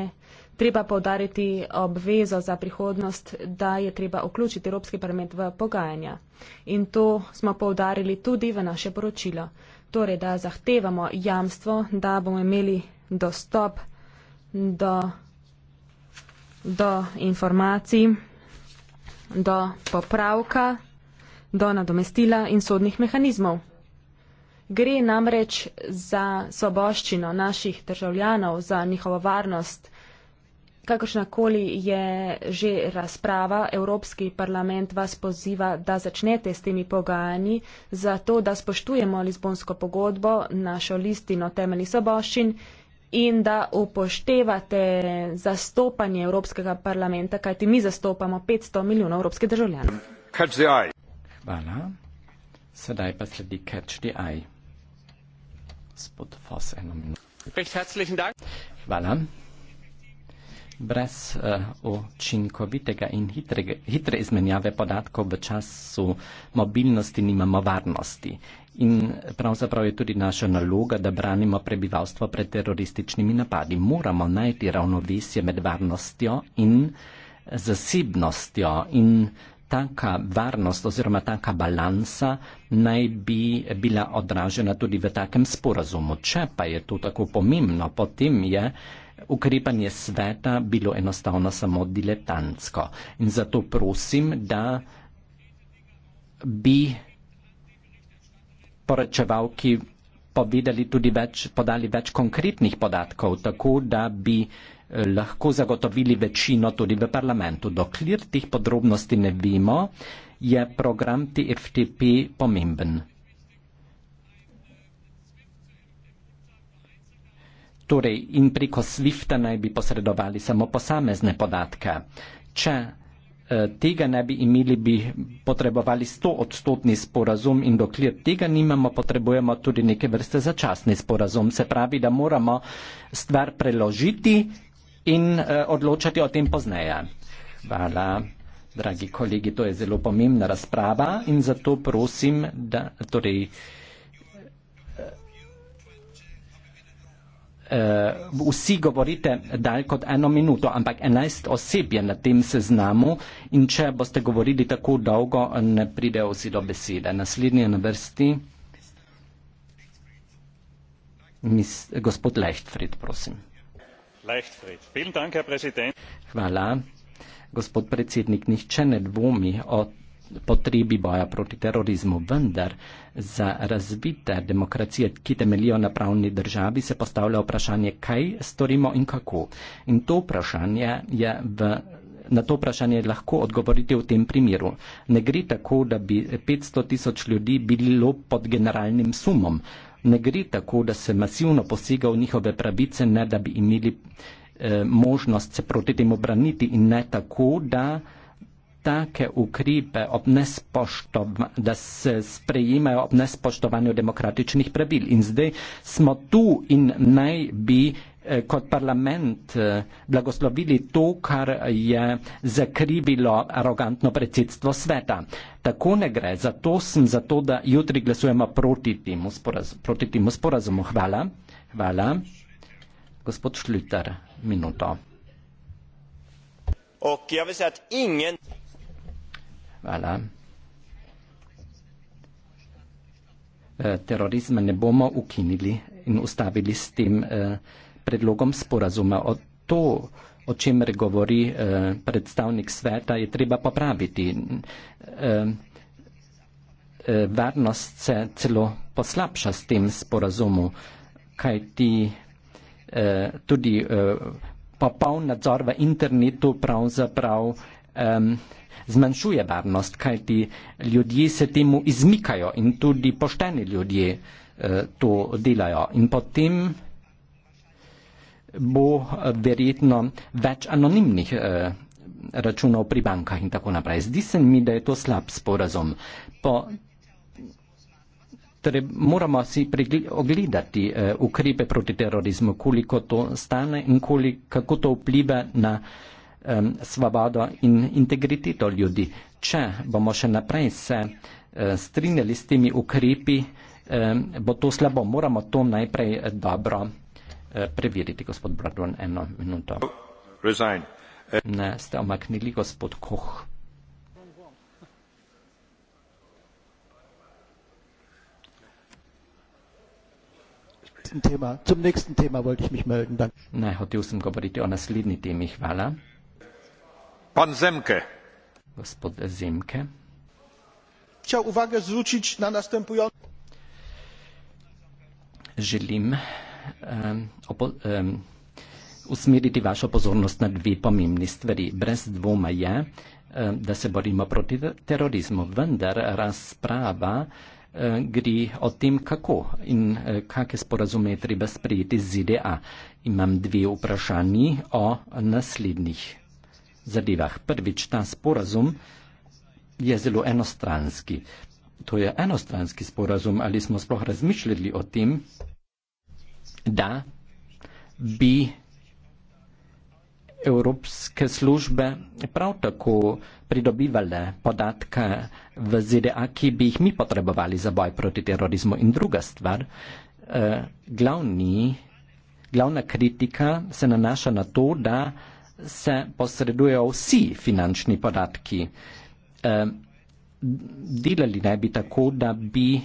Speaker 1: treba povdariti obvezo za prihodnost, da je treba vključiti Evropski parlament v pogajanja. In to smo povdarili tudi v naše poročilo torej da zahtevamo jamstvo, da bomo imeli dostop do, do informacij, do popravka, do nadomestila in sodnih mehanizmov. Gre namreč za svoboščino naših državljanov, za njihovo varnost kakršna koli je že razprava, Evropski parlament vas poziva, da začnete s temi pogajanji, zato da spoštujemo Lizbonsko pogodbo, našo listino temeljni soboščin in da upoštevate zastopanje Evropskega parlamenta, kajti mi zastopamo 500 milijonov evropskih državljanov.
Speaker 3: Catch the eye. Hvala. Sedaj pa sledi Catch the eye. Gospod Foss, eno minuto. Hvala brez eh, učinkovitega uh, in hitrega, hitre izmenjave podatkov v času mobilnosti nimamo varnosti. In pravzaprav je tudi naša naloga, da branimo prebivalstvo pred terorističnimi napadi. Moramo najti ravnovesje med varnostjo in eh, zasebnostjo. In taka varnost oziroma taka balansa naj bi bila odražena tudi v takem sporazumu. Če pa je to tako pomembno, potem je ukrepanje sveta bilo enostavno samo diletantsko. In zato prosim, da bi poročevalki povedali tudi več, podali več konkretnih podatkov, tako da bi eh, lahko zagotovili večino tudi v parlamentu. Dokler tih podrobnosti ne vemo, je program TFTP pomemben. torej in preko Swifta naj bi posredovali samo posamezne podatke. Če eh, tega ne bi imeli, bi potrebovali 100-odstotni sporazum in dokler tega nimamo, potrebujemo tudi neke vrste začasni sporazum. Se pravi, da moramo stvar preložiti in eh, odločati o tem pozneje. Hvala. Dragi kolegi, to je zelo pomembna razprava in zato prosim, da torej uh, vsi govorite dalj kot eno minuto, ampak 11 oseb je na tem seznamu in če boste govorili tako dolgo, ne pridejo vsi do besede. Naslednji je na vrsti. Mis, gospod Lechtfried, prosim. Lechtfried. Hvala. Gospod predsednik, nihče ne dvomi o potrebi boja proti terorizmu, vendar za razvite demokracije, ki temeljijo na pravni državi, se postavlja vprašanje, kaj storimo in kako. In to vprašanje je v. Na to vprašanje lahko odgovorite v tem primeru. Ne gre tako, da bi 500 tisoč ljudi bilo pod generalnim sumom. Ne gre tako, da se masivno posega v njihove pravice, ne da bi imeli eh, možnost se proti temu obraniti in ne tako, da eh, take ukripe ob nespoštov, da se sprejimajo ob nespoštovanju demokratičnih pravil. In zdaj smo tu in naj bi eh, kot parlament eh, blagoslovili to, kar je zakrivilo arogantno predsedstvo sveta. Tako ne gre. Zato sem za to, da jutri glasujemo proti temu sporazumu. Proti temu sporazumu. Hvala. Hvala. Gospod Šlüter, minuto. Och jag vill säga att ingen... Hvala. Eh, Terorizma ne bomo ukinili in ustavili s tem eh, predlogom sporazuma. O to, o čemer govori eh, predstavnik sveta, je treba popraviti. Varnost se celo poslabša s tem sporazumu, kajti tudi popoln nadzor v internetu pravzaprav prav um, zmanjšuje varnost, kajti ljudje se temu izmikajo in tudi pošteni ljudje uh, to delajo. In potem bo eh, verjetno več anonimnih uh, računov pri bankah in tako naprej. Zdi se mi, da je to slab sporazum. Po Torej, moramo si ogledati eh, ukrepe proti terorizmu, koliko to stane in koliko, kako to vpliva na eh, svobodo in integriteto ljudi. Če bomo še naprej se e, strinjali s temi ukrepi, e, bo to slabo. Moramo to najprej e, dobro preveriti, gospod Bradon, eno minuto. Ne, ste omaknili, gospod Koh. Ne, hotel sem govoriti o naslednji temi. Hvala
Speaker 2: chciał uwagę zwrócić na następujące
Speaker 3: želim usmeriti vašo pozornost na dve pomembni stvari. Brez dvoma je, da se borimo proti terorizmu, vendar razprava gre o tem, kako in eh, kakšne sporazume treba sprejeti z ZDA. Imam dve vprašanji o naslednjih zadevah. Prvič, ta sporazum je zelo enostranski. To je enostranski sporazum, ali smo sploh razmišljali o tem, da bi evropske službe prav tako pridobivale podatke v ZDA, ki bi jih mi potrebovali za boj proti terorizmu. In druga stvar, eh, glavni, glavna kritika se nanaša na to, da se posredujejo vsi finančni podatki. Delali naj bi tako, da bi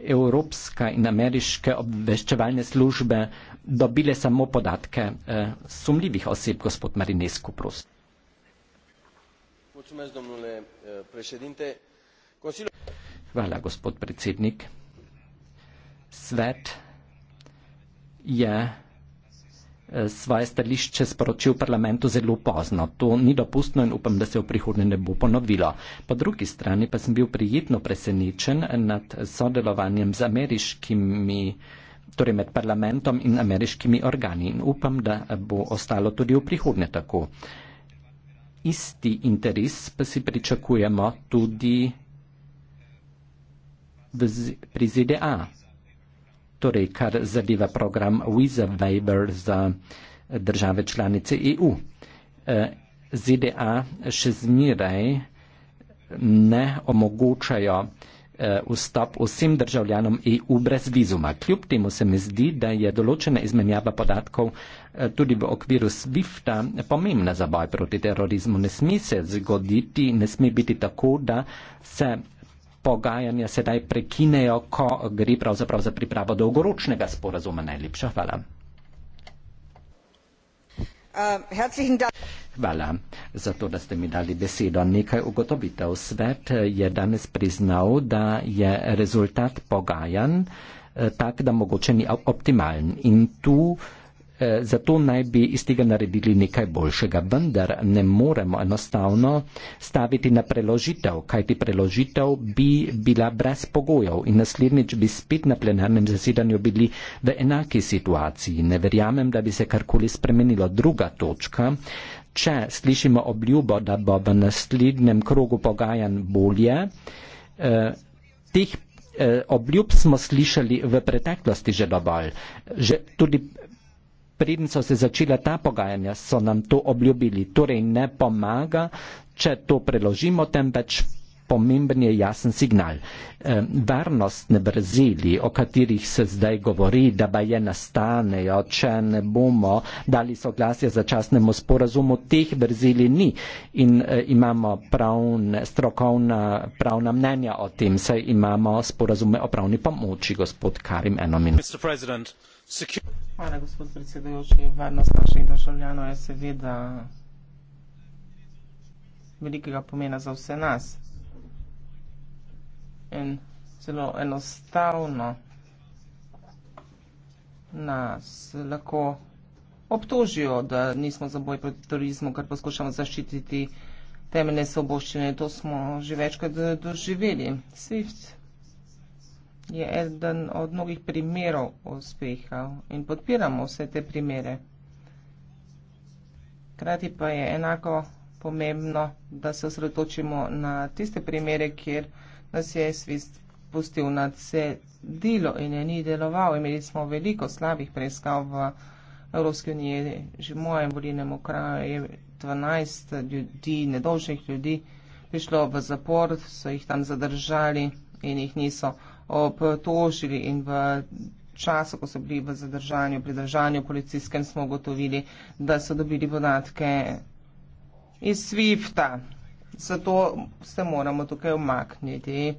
Speaker 3: evropska in ameriške obveščevalne službe dobile samo podatke eh, sumljivih oseb, gospod Marinescu, prosim. Eh, Hvala, gospod predsednik. Svet je Eh, svoje stališče sporočil parlamentu zelo pozno. To ni dopustno in upam, da se v prihodnje ne bo ponovilo. Po drugi strani pa sem bil prijetno presenečen nad sodelovanjem z ameriškimi, torej med parlamentom in ameriškimi organi in upam, da bo ostalo tudi v prihodnje tako. Isti interes pa si pričakujemo tudi v, pri ZDA torej kar zadeva program Visa Waiver za države članice EU. Eh, ZDA še zmeraj ne omogočajo eh, vstop vsem državljanom EU brez vizuma. Kljub temu se mi zdi, da je določena izmenjava podatkov eh, tudi v okviru SWIFT-a pomembna za boj proti terorizmu. Ne sme se zgoditi, ne sme biti tako, da se pogajanja sedaj prekinejo, ko gre pravzaprav za pripravo dolgoročnega sporazuma. Najlepša hvala. Uh, hvala za to, da ste mi dali besedo. Nekaj ugotovitev. Svet je danes priznal, da je rezultat pogajanj eh, tak, da mogoče ni optimalen. In tu Eh, zato naj bi iz tega naredili nekaj boljšega, vendar ne moremo enostavno staviti na preložitev, kajti preložitev bi bila brez pogojev in naslednjič bi spet na plenarnem zasedanju bili v enaki situaciji. Ne verjamem, da bi se karkoli spremenilo. Druga točka, če slišimo obljubo, da bo v naslednjem krogu pogajan bolje, eh, teh eh, Obljub smo slišali v preteklosti že dovolj, že tudi preden so se začela ta pogajanja, so nam to obljubili. Torej ne pomaga, če to preložimo, temveč pomemben je jasen signal. E, varnostne brzili, o katerih se zdaj govori, da pa je nastanejo, če ne bomo dali soglasje za časnemu sporazumu, teh brzili ni. In e, imamo pravne, strokovna pravna mnenja o tem, saj imamo sporazume o pravni pomoči, gospod Karim Enomin. Mr.
Speaker 2: Hvala, gospod predsedujoči. Varnost naših državljanov je seveda velikega pomena za vse nas. In zelo enostavno nas lahko obtožijo, da nismo za boj proti turizmu, ker poskušamo zaščititi temeljne svoboščine. To smo že večkrat doživeli. SWIFT je eden od mnogih primerov uspeha in podpiramo vse te primere. Krati pa je enako pomembno, da se osredotočimo na tiste primere, kjer nas je svist pustil na vse delo in je ni deloval. Imeli smo veliko slabih preiskav v Evropski uniji, že v mojem volilnem okraju je 12 ljudi, nedolžnih ljudi, prišlo v zapor, so jih tam zadržali in jih niso obtožili in v času, ko so bili v zadržanju, pridržanju policijskem, smo ugotovili, da so dobili podatke iz SWIFT-a. Zato se moramo tukaj umakniti.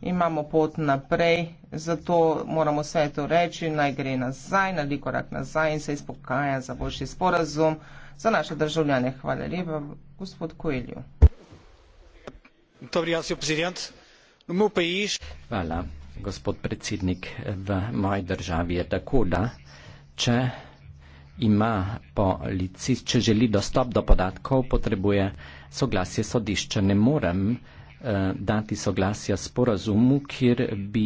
Speaker 2: Imamo pot naprej, zato moramo vse to reči, naj gre nazaj, naredi korak nazaj in se izpokaja za boljši sporazum za naše državljane. Hvala lepa, gospod Koelju.
Speaker 3: Dobri jaz, jo prezident v moj país. Hvala, gospod predsednik. V moji državi je tako, da če ima policist, če želi dostop do podatkov, potrebuje soglasje sodišča. Ne morem eh, dati soglasja sporazumu, kjer bi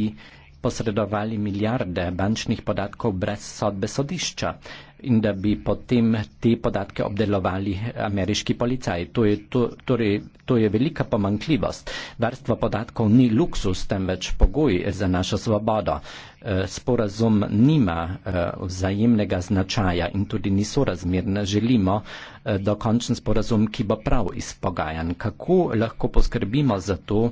Speaker 3: posredovali milijarde bančnih podatkov brez sodbe sodišča in da bi potem te podatke obdelovali ameriški policaj. To je, to, torej, to je velika pomankljivost. Varstvo podatkov ni luksus, temveč pogoj za našo svobodo. E, sporazum nima e, vzajemnega značaja in tudi ni sorazmerna. Želimo e, dokončen sporazum, ki bo prav izpogajan. Kako lahko poskrbimo za to,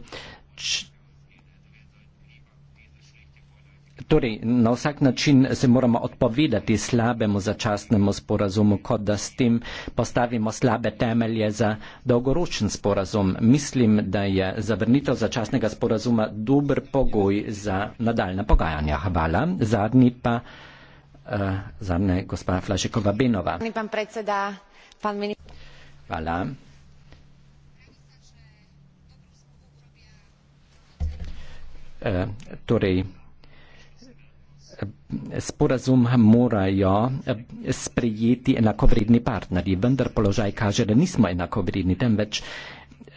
Speaker 3: Torej, na vsak način se moramo odpovedati slabemu začasnemu sporazumu, kot da s tem postavimo slabe temelje za dolgoročen sporazum. Mislim, da je zavrnitev začasnega sporazuma dober pogoj za nadaljna pogajanja. Hvala. Zadnji pa, uh, zadnja je gospa Flašikova Benova. Hvala. Uh, torej, sporazum morajo eh, sprejeti enakovredni partnerji, vendar položaj kaže, da nismo enakovredni, temveč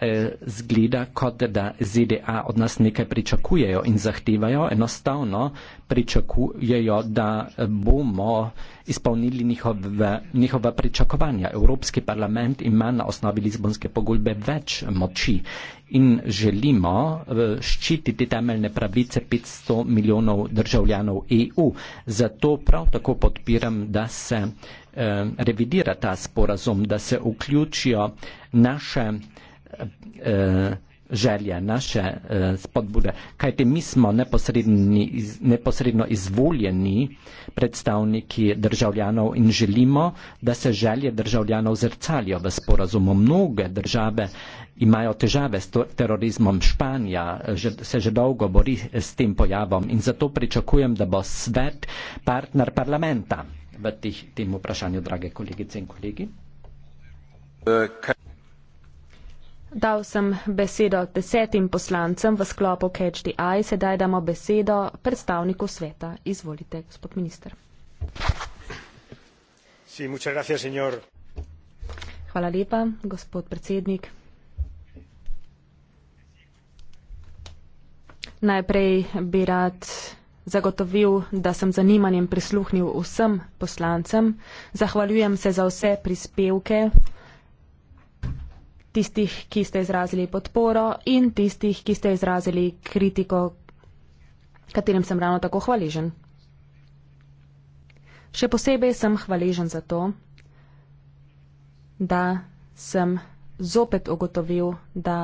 Speaker 3: Eh, zgleda, kot da ZDA od nas nekaj pričakujejo in zahtevajo, enostavno pričakujejo, da bomo izpolnili njihove, njihove pričakovanja. Evropski parlament ima na osnovi Lizbonske pogodbe več moči in želimo eh, ščititi temeljne pravice 500 milijonov državljanov EU. Zato prav tako podpiram, da se eh, revidira ta sporazum, da se vključijo naše Eh, želje, naše eh, spodbude. Kajti mi smo neposredno izvoljeni predstavniki državljanov in želimo, da se želje državljanov zrcalijo v sporazumu. Mnoge države imajo težave s terorizmom Španija, eh, se že dolgo bori s tem pojavom in zato pričakujem, da bo svet partner parlamenta v tem vprašanju, drage kolegice in kolegi. Uh,
Speaker 1: Dal sem besedo desetim poslancem v sklopu Catch the Eye, sedaj damo besedo predstavniku sveta. Izvolite, gospod minister.
Speaker 3: Sí, gracias,
Speaker 1: Hvala lepa, gospod predsednik. Najprej bi rad zagotovil, da sem zanimanjem prisluhnil vsem poslancem. Zahvaljujem se za vse prispevke tistih, ki ste izrazili podporo in tistih, ki ste izrazili kritiko, katerim sem ravno tako hvaležen. Še posebej sem hvaležen za to, da sem zopet ugotovil, da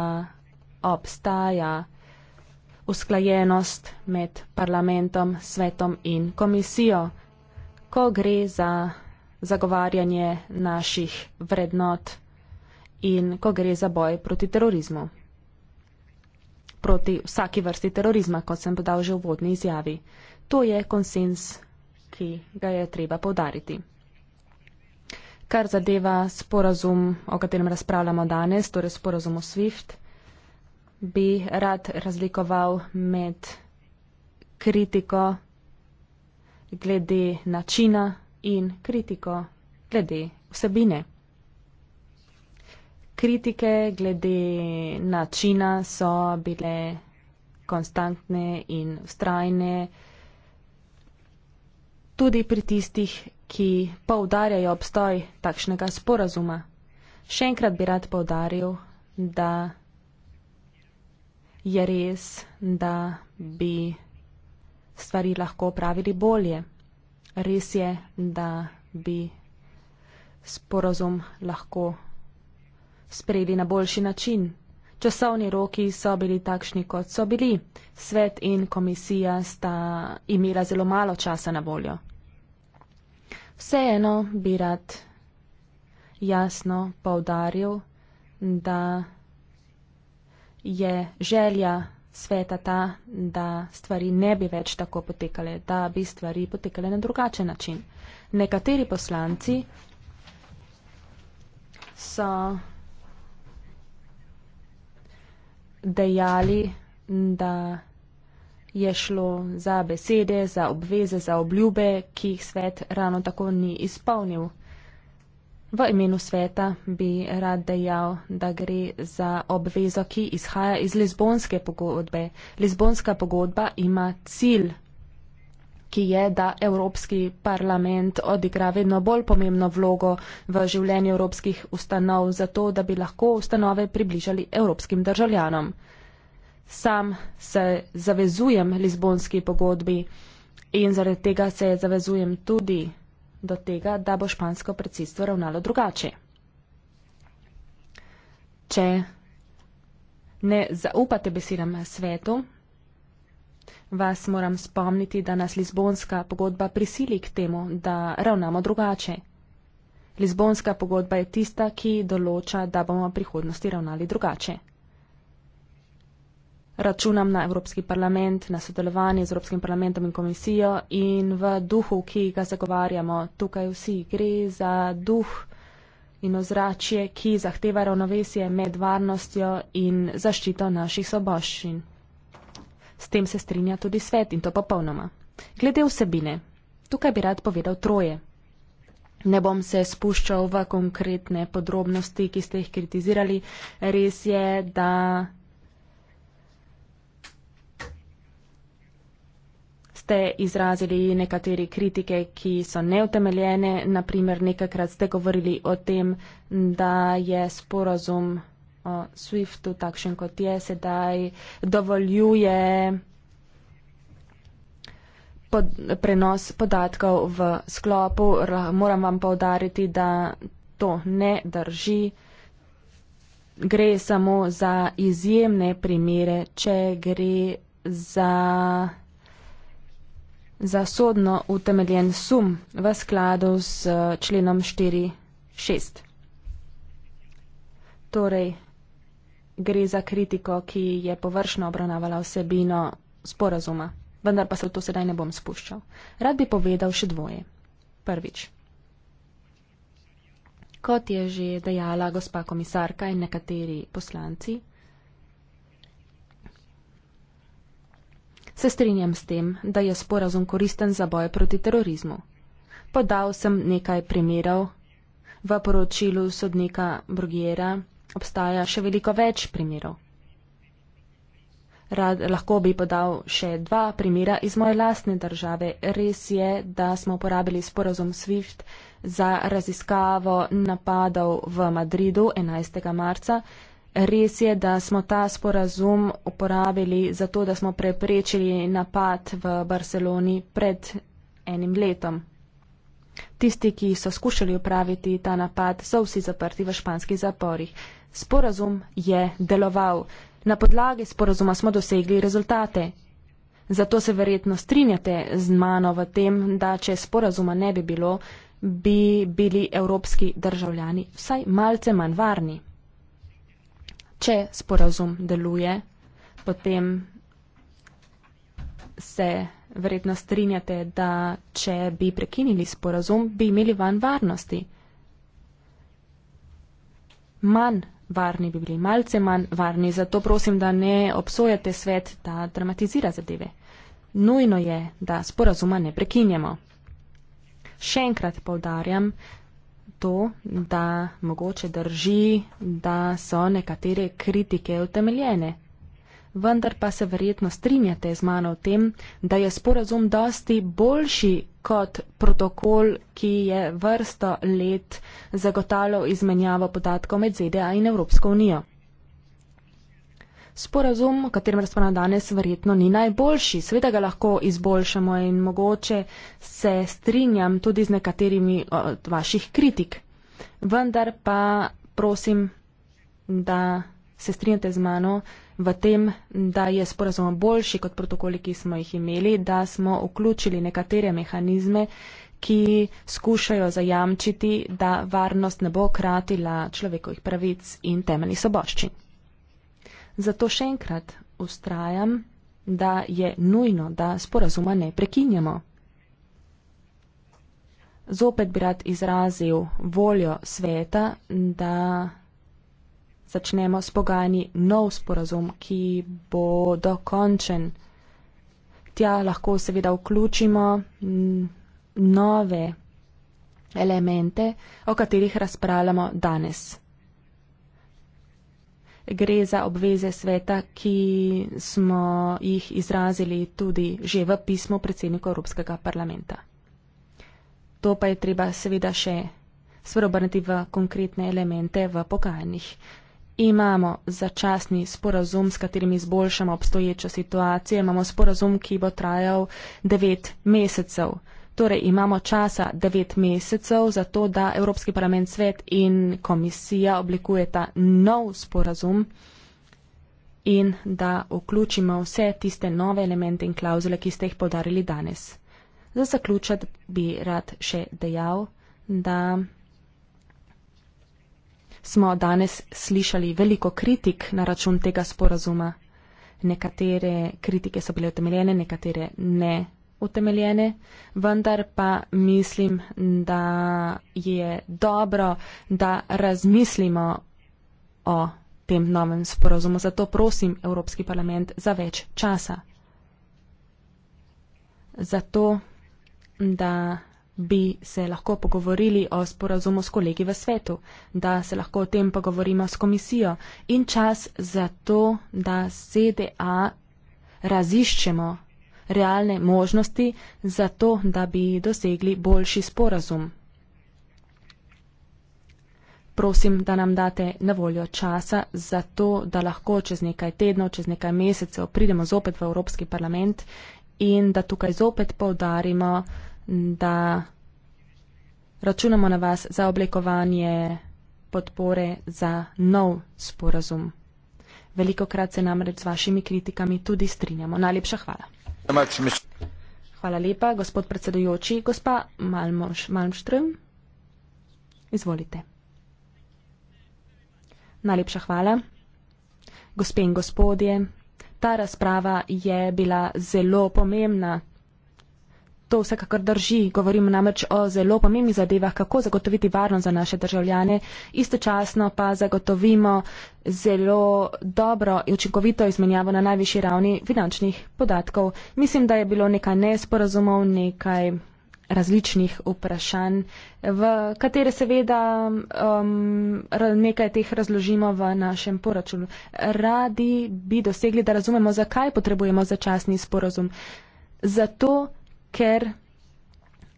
Speaker 1: obstaja usklajenost med parlamentom, svetom in komisijo, ko gre za zagovarjanje naših vrednot in ko gre za boj proti terorizmu. Proti vsaki vrsti terorizma, kot sem podal že v vodni izjavi. To je konsens, ki ga je treba povdariti. Kar zadeva sporazum, o katerem razpravljamo danes, torej sporazum o SWIFT, bi rad razlikoval med kritiko glede načina in kritiko glede vsebine kritike glede načina so bile konstantne in vztrajne. Tudi pri tistih, ki poudarjajo obstoj takšnega sporazuma. Še enkrat bi rad poudaril, da je res, da bi stvari lahko pravili bolje. Res je, da bi sporazum lahko sprejeli na boljši način. Časovni roki so bili takšni, kot so bili. Svet in komisija sta imela zelo malo časa na voljo. Vseeno bi rad jasno povdaril, da je želja sveta ta, da stvari ne bi več tako potekale, da bi stvari potekale na drugačen način. Nekateri poslanci so dejali, da je šlo za besede, za obveze, za obljube, ki jih svet ravno tako ni izpolnil. V imenu sveta bi rad dejal, da gre za obvezo, ki izhaja iz Lizbonske pogodbe. Lizbonska pogodba ima cilj ki je, da Evropski parlament odigra vedno bolj pomembno vlogo v življenju evropskih ustanov, zato da bi lahko ustanove približali evropskim državljanom. Sam se zavezujem Lizbonski pogodbi in zaradi tega se zavezujem tudi do tega, da bo špansko predsedstvo ravnalo drugače. Če ne zaupate besedam svetu, vas moram spomniti, da nas Lizbonska pogodba prisili k temu, da ravnamo drugače. Lizbonska pogodba je tista, ki določa, da bomo v prihodnosti ravnali drugače. Računam na Evropski parlament, na sodelovanje z Evropskim parlamentom in komisijo in v duhu, ki ga zagovarjamo tukaj vsi, gre za duh in ozračje, ki zahteva ravnovesje med varnostjo in zaščito naših soboščin. S tem se strinja tudi svet in to popolnoma. Glede vsebine. Tukaj bi rad povedal troje. Ne bom se spuščal v konkretne podrobnosti, ki ste jih kritizirali. Res je, da. ste izrazili nekatere kritike, ki so neutemeljene. Naprimer, nekakrat ste govorili o tem, da je sporazum o Swiftu, takšen kot je sedaj, dovoljuje pod, prenos podatkov v sklopu. Moram vam povdariti, da to ne drži. Gre samo za izjemne primere, če gre za, za sodno utemeljen sum v skladu s členom 4.6. Torej, gre za kritiko, ki je površno obravnavala vsebino sporazuma, vendar pa se v to sedaj ne bom spuščal. Rad bi povedal še dvoje. Prvič. Kot je že dejala gospa komisarka in nekateri poslanci, se strinjam s tem, da je sporazum koristen za boj proti terorizmu. Podal sem nekaj primerov v poročilu sodnika Brugjera obstaja še veliko več primerov. Rad lahko bi podal še dva primera iz moje lastne države. Res je, da smo uporabili sporozum SWIFT za raziskavo napadov v Madridu 11. marca. Res je, da smo ta sporazum uporabili zato, da smo preprečili napad v Barceloni pred enim letom. Tisti, ki so skušali upraviti ta napad, so vsi zaprti v španskih zaporih. Sporazum je deloval. Na podlagi sporazuma smo dosegli rezultate. Zato se verjetno strinjate z mano v tem, da če sporazuma ne bi bilo, bi bili evropski državljani vsaj malce manj varni. Če sporazum deluje, potem se verjetno strinjate, da če bi prekinili sporazum, bi imeli van varnosti. Manj varni bi bili, malce manj varni, zato prosim, da ne obsojate svet, da dramatizira zadeve. Nujno je, da sporazuma ne prekinjamo. Še enkrat povdarjam to, da mogoče drži, da so nekatere kritike utemeljene vendar pa se verjetno strinjate z mano v tem, da je sporazum dosti boljši kot protokol, ki je vrsto let zagotavljal izmenjavo podatkov med ZDA in Evropsko unijo. Sporazum, o katerem razpravljamo danes, verjetno ni najboljši. Sveda ga lahko izboljšamo in mogoče se strinjam tudi z nekaterimi od vaših kritik. Vendar pa prosim, da se strinjate z mano, v tem, da je sporazum boljši kot protokoli, ki smo jih imeli, da smo vključili nekatere mehanizme, ki skušajo zajamčiti, da varnost ne bo kratila človekovih pravic in temeljnih soboščin. Zato še enkrat ustrajam, da je nujno, da sporazuma ne prekinjamo. Zopet bi rad izrazil voljo sveta, da začnemo s pogajanji nov sporazum, ki bo dokončen. Tja lahko seveda vključimo nove elemente, o katerih razpravljamo danes. Gre za obveze sveta, ki smo jih izrazili tudi že v pismu predsedniku Evropskega parlamenta. To pa je treba seveda še svrobrniti v konkretne elemente v pogajanjih. Imamo začasni sporazum, s katerim izboljšamo obstoječo situacijo. Imamo sporazum, ki bo trajal 9 mesecev. Torej imamo časa 9 mesecev za to, da Evropski parlament, svet in komisija oblikujeta nov sporazum in da vključimo vse tiste nove elemente in klauzule, ki ste jih podarili danes. Za zaključek bi rad še dejal, da smo danes slišali veliko kritik na račun tega sporazuma. Nekatere kritike so bile utemeljene, nekatere ne utemeljene, vendar pa mislim, da je dobro, da razmislimo o tem novem sporazumu. Zato prosim Evropski parlament za več časa. Zato, da bi se lahko pogovorili o sporazumu s kolegi v svetu, da se lahko o tem pogovorimo s komisijo in čas za to, da ZDA raziščemo realne možnosti za to, da bi dosegli boljši sporazum. Prosim, da nam date na voljo časa za to, da lahko čez nekaj tednov, čez nekaj mesecev pridemo zopet v Evropski parlament in da tukaj zopet povdarimo da računamo na vas za oblikovanje podpore za nov sporazum. Veliko krat se namreč z vašimi kritikami tudi strinjamo. Najlepša hvala. Hvala lepa, gospod predsedujoči. Gospa Malmström, izvolite. Najlepša hvala. Gospe in gospodje, ta razprava je bila zelo pomembna, To vsekakor drži, govorim namreč o zelo pomembnih zadevah, kako zagotoviti varnost za naše državljane, istočasno pa zagotovimo zelo dobro in učinkovito izmenjavo na najvišji ravni finančnih podatkov. Mislim, da je bilo nekaj nesporazumov, nekaj različnih vprašanj, v katere seveda um, nekaj teh razložimo v našem poročilu. Radi bi dosegli, da razumemo, zakaj potrebujemo začasni sporozum. Zato, ker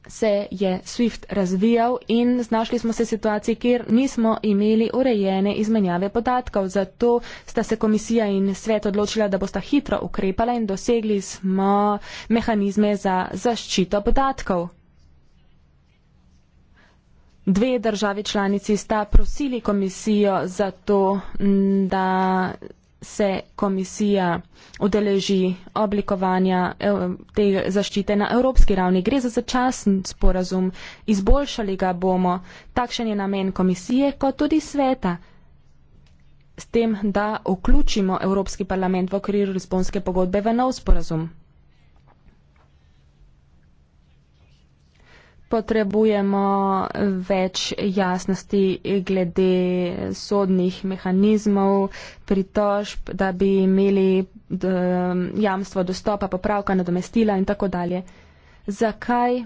Speaker 1: se je SWIFT razvijal in znašli smo se v situaciji, kjer nismo imeli urejene izmenjave podatkov. Zato sta se komisija in svet odločila, da bosta hitro ukrepala in dosegli smo mehanizme za zaščito podatkov. Dve državi članici sta prosili komisijo za to, da se komisija odeleži oblikovanja eh, te zaščite na evropski ravni. Gre za začasen sporazum, izboljšali ga bomo. Takšen je namen komisije, kot tudi sveta. S tem, da vključimo Evropski parlament v okviru Lisbonske pogodbe v nov sporazum. potrebujemo več jasnosti glede sodnih mehanizmov, pritožb, da bi imeli jamstvo dostopa, popravka, nadomestila in tako dalje. Zakaj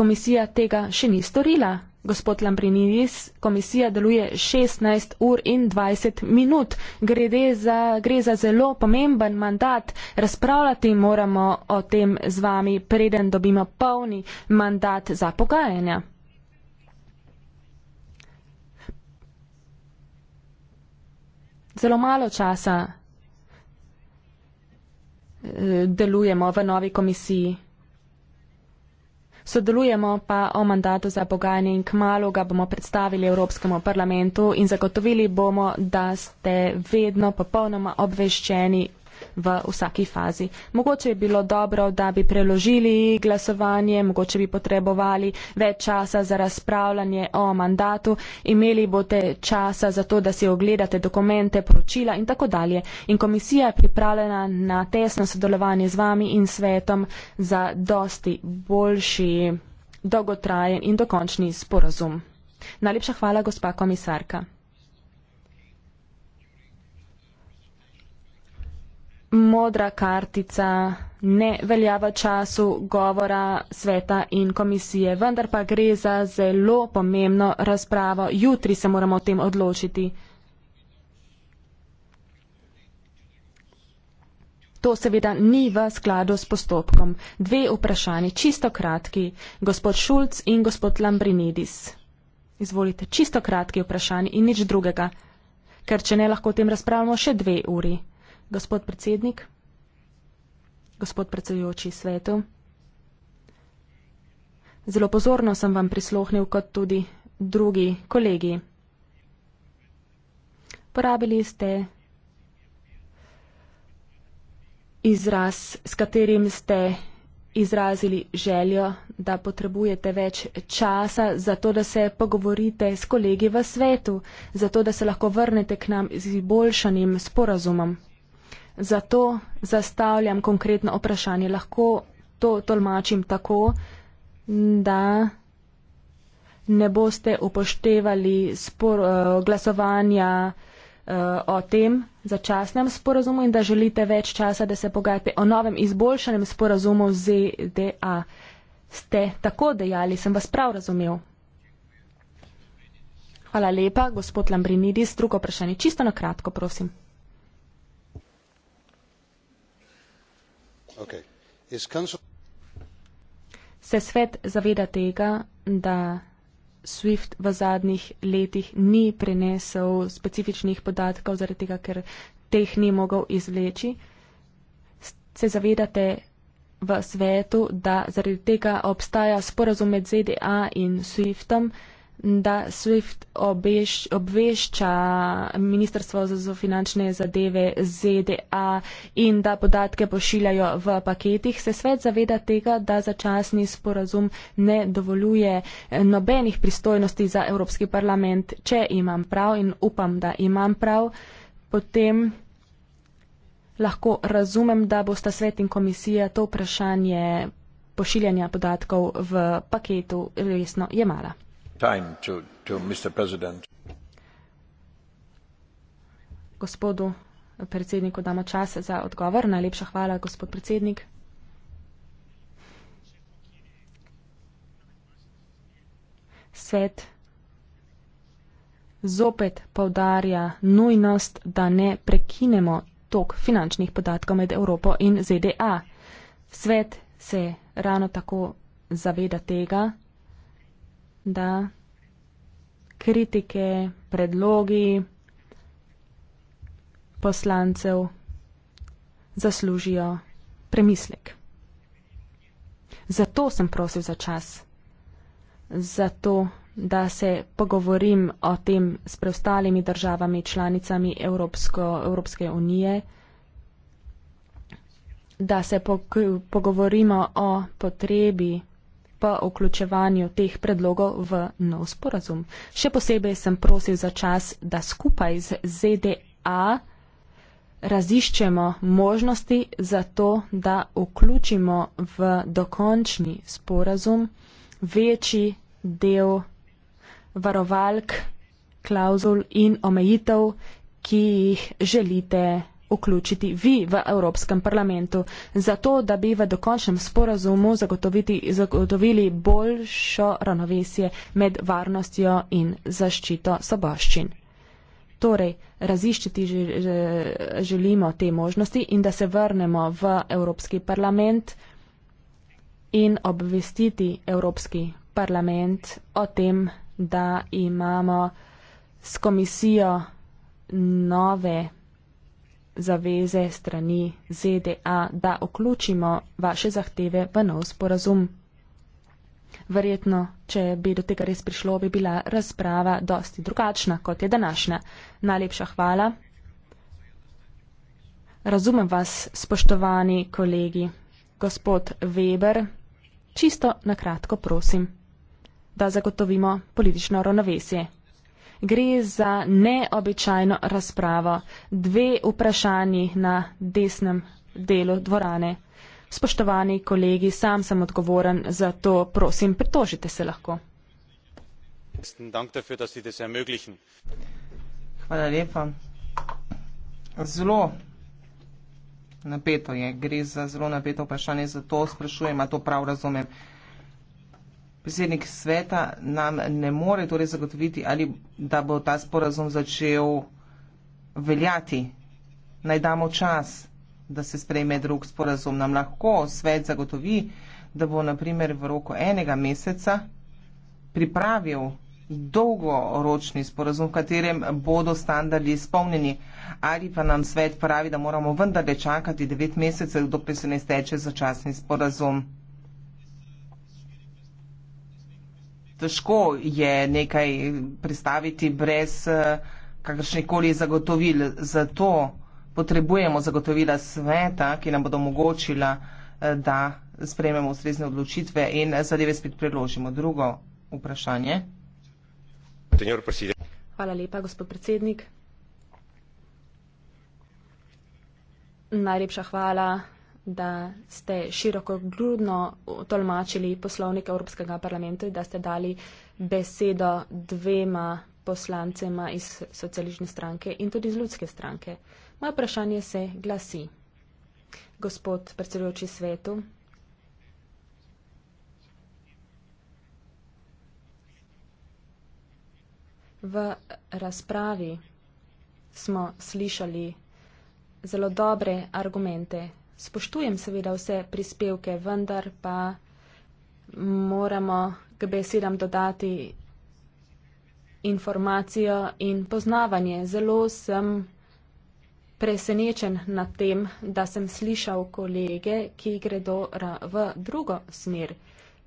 Speaker 1: komisija tega še ni storila? Gospod Lambrinidis, komisija deluje 16 ur in 20 minut. Grede za, gre za zelo pomemben mandat. Razpravljati moramo o tem z vami, preden dobimo polni mandat za pogajanja. Zelo malo časa eh, delujemo v novi komisiji. Sodelujemo pa o mandatu za pogajanje in kmalo ga bomo predstavili Evropskemu parlamentu in zagotovili bomo, da ste vedno popolnoma obveščeni v vsaki fazi. Mogoče je bilo dobro, da bi preložili glasovanje, mogoče bi potrebovali več časa za razpravljanje o mandatu, imeli boste časa za to, da si ogledate dokumente, poročila in tako dalje. In komisija je pripravljena na tesno sodelovanje z vami in svetom za dosti boljši, dolgotrajen in dokončni sporazum. Najlepša hvala, gospa komisarka. modra kartica ne velja v času govora sveta in komisije, vendar pa gre za zelo pomembno razpravo. Jutri se moramo o tem odločiti. To seveda ni v skladu s postopkom. Dve vprašanje, čisto kratki, gospod Šulc in gospod Lambrinidis. Izvolite, čisto kratki vprašanje in nič drugega, ker če ne lahko o tem razpravljamo še dve uri gospod predsednik, gospod predsedujoči svetu. Zelo pozorno sem vam prisluhnil, kot tudi drugi kolegi. Porabili ste izraz, s katerim ste izrazili željo, da potrebujete več časa, zato da se pogovorite s kolegi v svetu, zato da se lahko vrnete k nam z izboljšanim sporazumom. Zato zastavljam konkretno vprašanje. Lahko to tolmačim tako, da ne boste upoštevali spor, eh, glasovanja eh, o tem začasnem sporazumu in da želite več časa, da se pogajate o novem izboljšanem sporazumu z ZDA. Ste tako dejali, sem vas prav razumel. Hvala lepa, gospod Lambrinidis. Drugo vprašanje, čisto na kratko, prosim. Se svet zaveda tega, da SWIFT v zadnjih letih ni prenesel specifičnih podatkov, zaradi tega, ker teh ni mogel izleči? Se zavedate v svetu, da zaradi tega obstaja sporazum med ZDA in SWIFTom? da SWIFT obeš, obvešča Ministrstvo za finančne zadeve ZDA in da podatke pošiljajo v paketih, se svet zaveda tega, da začasni sporazum ne dovoljuje eh, nobenih pristojnosti za Evropski parlament, če imam prav in upam, da imam prav, potem. Lahko razumem, da bosta svet in komisija to vprašanje pošiljanja podatkov v paketu resno jemala
Speaker 3: time to, to Mr. President.
Speaker 1: Gospodu predsedniku damo čas za odgovor. Najlepša hvala, gospod predsednik. Svet zopet povdarja nujnost, da ne prekinemo tok finančnih podatkov med Evropo in ZDA. Svet se ravno tako zaveda tega, da kritike, predlogi poslancev zaslužijo premislek. Zato sem prosil za čas, zato, da se pogovorim o tem s preostalimi državami, članicami Evropsko, Evropske unije, da se pogovorimo o potrebi pa vključevanju teh predlogov v nov sporazum. Še posebej sem prosil za čas, da skupaj z ZDA raziščemo možnosti za to, da vključimo v dokončni sporazum večji del varovalk, klauzul in omejitev, ki jih želite vključiti vi v Evropskem parlamentu, zato da bi v dokončnem sporazumu zagotovili boljšo ravnovesje med varnostjo in zaščito soboščin. Torej, raziščiti želimo te možnosti in da se vrnemo v Evropski parlament in obvestiti Evropski parlament o tem, da imamo s komisijo nove zaveze strani ZDA, da vključimo vaše zahteve v nov sporazum. Verjetno, če bi do tega res prišlo, bi bila razprava dosti drugačna, kot je današnja. Najlepša hvala. Razumem vas, spoštovani kolegi. Gospod Weber, čisto na kratko prosim, da zagotovimo politično ravnovesje gre za neobičajno razpravo. Dve vprašanji na desnem delu dvorane. Spoštovani kolegi, sam sem odgovoren za to, prosim, pritožite se lahko. Hvala lepa. Zelo
Speaker 2: napeto je, gre za zelo napeto vprašanje, zato sprašujem, ali to prav razumem predsednik sveta nam ne more torej zagotoviti, ali da bo ta sporazum začel veljati. Naj damo čas, da se sprejme drug sporazum. Nam lahko svet zagotovi, da bo naprimer v roku enega meseca pripravil dolgoročni sporazum, v katerem bodo standardi izpolnjeni. Ali pa nam svet pravi, da moramo vendarle čakati devet mesecev, dokler se ne steče začasni sporazum. težko je nekaj predstaviti brez eh, kakršnih koli zagotovil. Zato potrebujemo zagotovila sveta, ki nam bodo omogočila, eh, da sprejmemo ustrezne odločitve in eh, zadeve spet preložimo. Drugo vprašanje.
Speaker 1: Hvala lepa, gospod predsednik. Najlepša hvala da ste široko grudno tolmačili poslovnik Evropskega parlamenta in da ste dali besedo dvema poslancema iz socialistične stranke in tudi iz ljudske stranke. Moje vprašanje se glasi. Gospod predsedujoči svetu. V razpravi smo slišali zelo dobre argumente spoštujem seveda vse prispevke, vendar pa moramo k besedam dodati informacijo in poznavanje. Zelo sem presenečen nad tem, da sem slišal kolege, ki gredo v drugo smer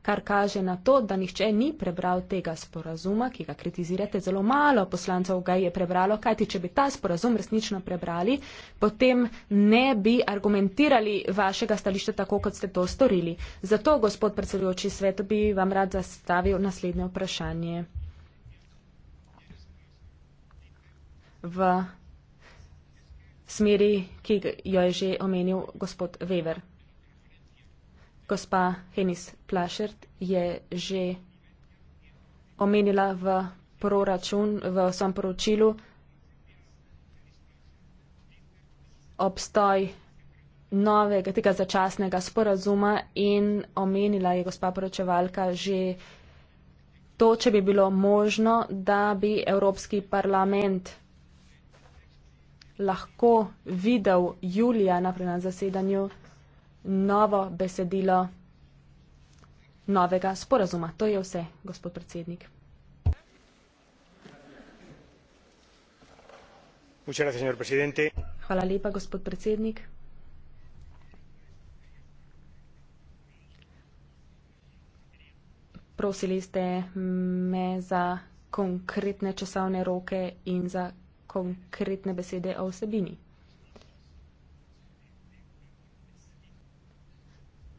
Speaker 1: kar kaže na to, da nihče ni prebral tega sporazuma, ki ga kritizirate. Zelo malo poslancev ga je prebralo, kajti če bi ta sporazum resnično prebrali, potem ne bi argumentirali vašega stališča tako, kot ste to storili. Zato, gospod predsedujoči svet, bi vam rad zastavil naslednje vprašanje. V smeri, ki jo je že omenil gospod Weber gospa Henis Plašert je že omenila v proračun, v svojem poročilu obstoj novega, tega začasnega sporazuma in omenila je gospa poročevalka že to, če bi bilo možno, da bi Evropski parlament lahko videl julija na zasedanju novo besedilo novega sporazuma. To je vse, gospod predsednik.
Speaker 3: Gracias, señor presidente.
Speaker 1: Hvala lepa, gospod predsednik. Prosili ste me za konkretne časovne roke in za konkretne besede o vsebini.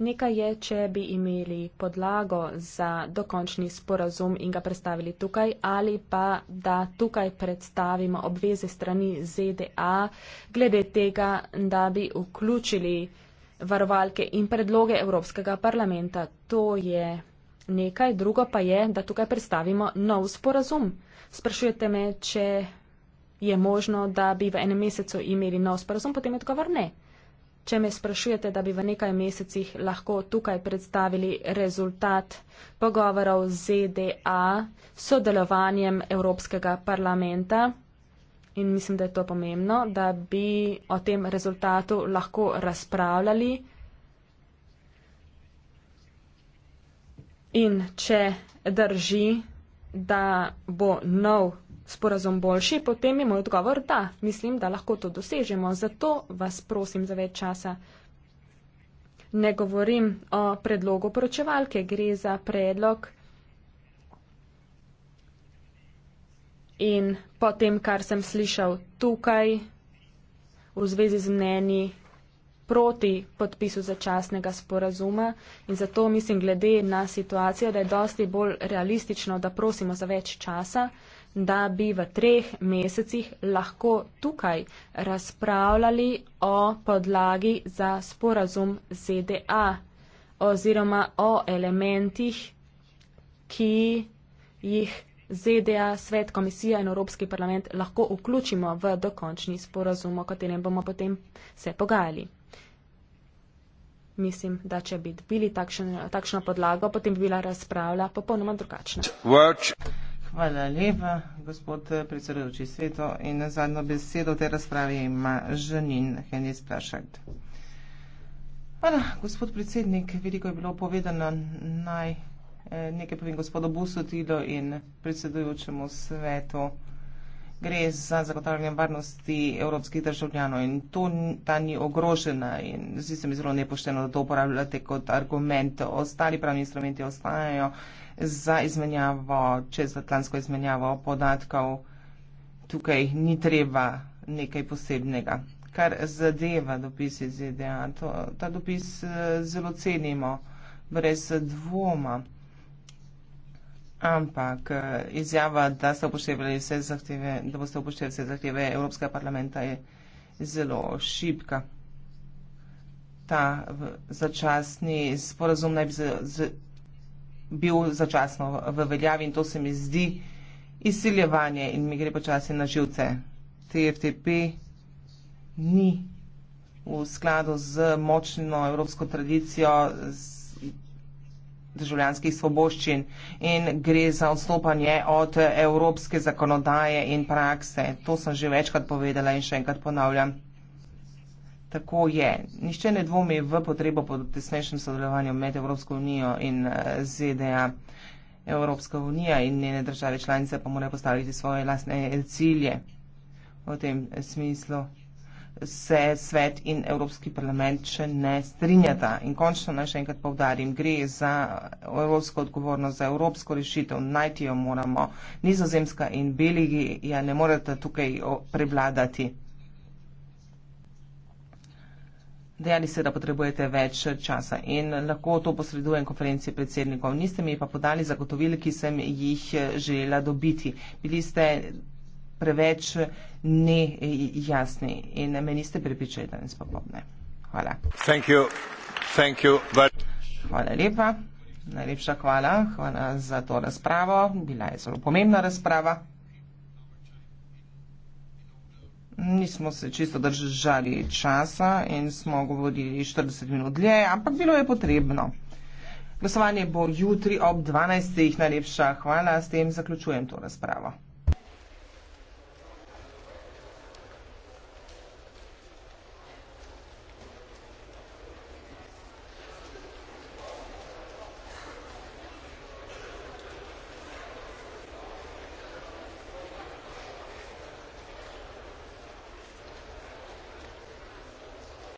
Speaker 1: Nekaj je, če bi imeli podlago za dokončni sporazum in ga predstavili tukaj ali pa da tukaj predstavimo obveze strani ZDA glede tega, da bi vključili varovalke in predloge Evropskega parlamenta. To je nekaj, drugo pa je, da tukaj predstavimo nov sporazum. Sprašujete me, če je možno, da bi v enem mesecu imeli nov sporazum, potem je odgovor ne. Če me sprašujete, da bi v nekaj mesecih lahko tukaj predstavili rezultat pogovorov z ZDA s sodelovanjem Evropskega parlamenta, in mislim, da je to pomembno, da bi o tem rezultatu lahko razpravljali. In če drži, da bo nov sporazum boljši, potem je moj odgovor da. Mislim, da lahko to dosežemo. Zato vas prosim za več časa. Ne govorim o predlogu poročevalke, gre za predlog. In po tem, kar sem slišal tukaj v zvezi z mneni proti podpisu začasnega sporazuma in zato mislim, glede na situacijo, da je dosti bolj realistično, da prosimo za več časa da bi v treh mesecih lahko tukaj razpravljali o podlagi za sporazum ZDA oziroma o elementih, ki jih ZDA, svet, komisija in Evropski parlament lahko vključimo v dokončni sporazum, o katerem bomo potem se pogajali. Mislim, da če bi bili takšen, takšno podlago, potem bi bila razprava popolnoma drugačna.
Speaker 2: Watch. Hvala lepa, gospod predsedujoči sveto. In na zadnjo besedo v tej razpravi ima Žanin Henis Prašak. Hvala, gospod predsednik. Veliko je bilo povedano. Naj eh, nekaj povem gospodu Busotilo in predsedujočemu svetu. Gre za zagotavljanje varnosti evropskih državljanov in to ta ni ogrožena in zdi se mi zelo nepošteno, da to uporabljate kot argument. Ostali pravni instrumenti ostajajo za izmenjavo, čezatlantsko izmenjavo podatkov, tukaj ni treba nekaj posebnega. Kar zadeva dopis iz ZDA, to, ta dopis eh, zelo cenimo, brez dvoma. Ampak eh, izjava, da, vse zahteve, da boste upoštevali vse zahteve Evropskega parlamenta, je zelo šibka. Ta začasni sporazum naj bi bil začasno v veljavi in to se mi zdi izsiljevanje in mi gre počasi na živce. TFTP ni v skladu z močno evropsko tradicijo državljanskih svoboščin in gre za odstopanje od evropske zakonodaje in prakse. To sem že večkrat povedala in še enkrat ponavljam tako je. Nišče ne dvomi v potrebo po tesnejšem sodelovanju med Evropsko unijo in eh, ZDA. Evropska unija in njene države članice pa morajo postaviti svoje lastne eh, cilje. V tem eh, smislu se svet in Evropski parlament še ne strinjata. In končno naj še enkrat povdarim, gre za evropsko odgovornost, za evropsko rešitev, najti jo moramo. Nizozemska in Belgija ne morete tukaj prevladati. Dejali ste, da potrebujete več časa in lahko to posredujem konferenci predsednikov. Niste mi pa podali zagotovil, ki sem jih želela dobiti. Bili ste preveč nejasni in me niste pripričali danes popolne. Hvala. Thank you. Thank you. But... Hvala lepa. Najlepša hvala. Hvala za to razpravo. Bila je zelo pomembna razprava nismo se čisto držali časa in smo govorili 40 minut dlje, ampak bilo je potrebno. Glasovanje bo jutri ob 12. Najlepša hvala, s tem zaključujem to razpravo.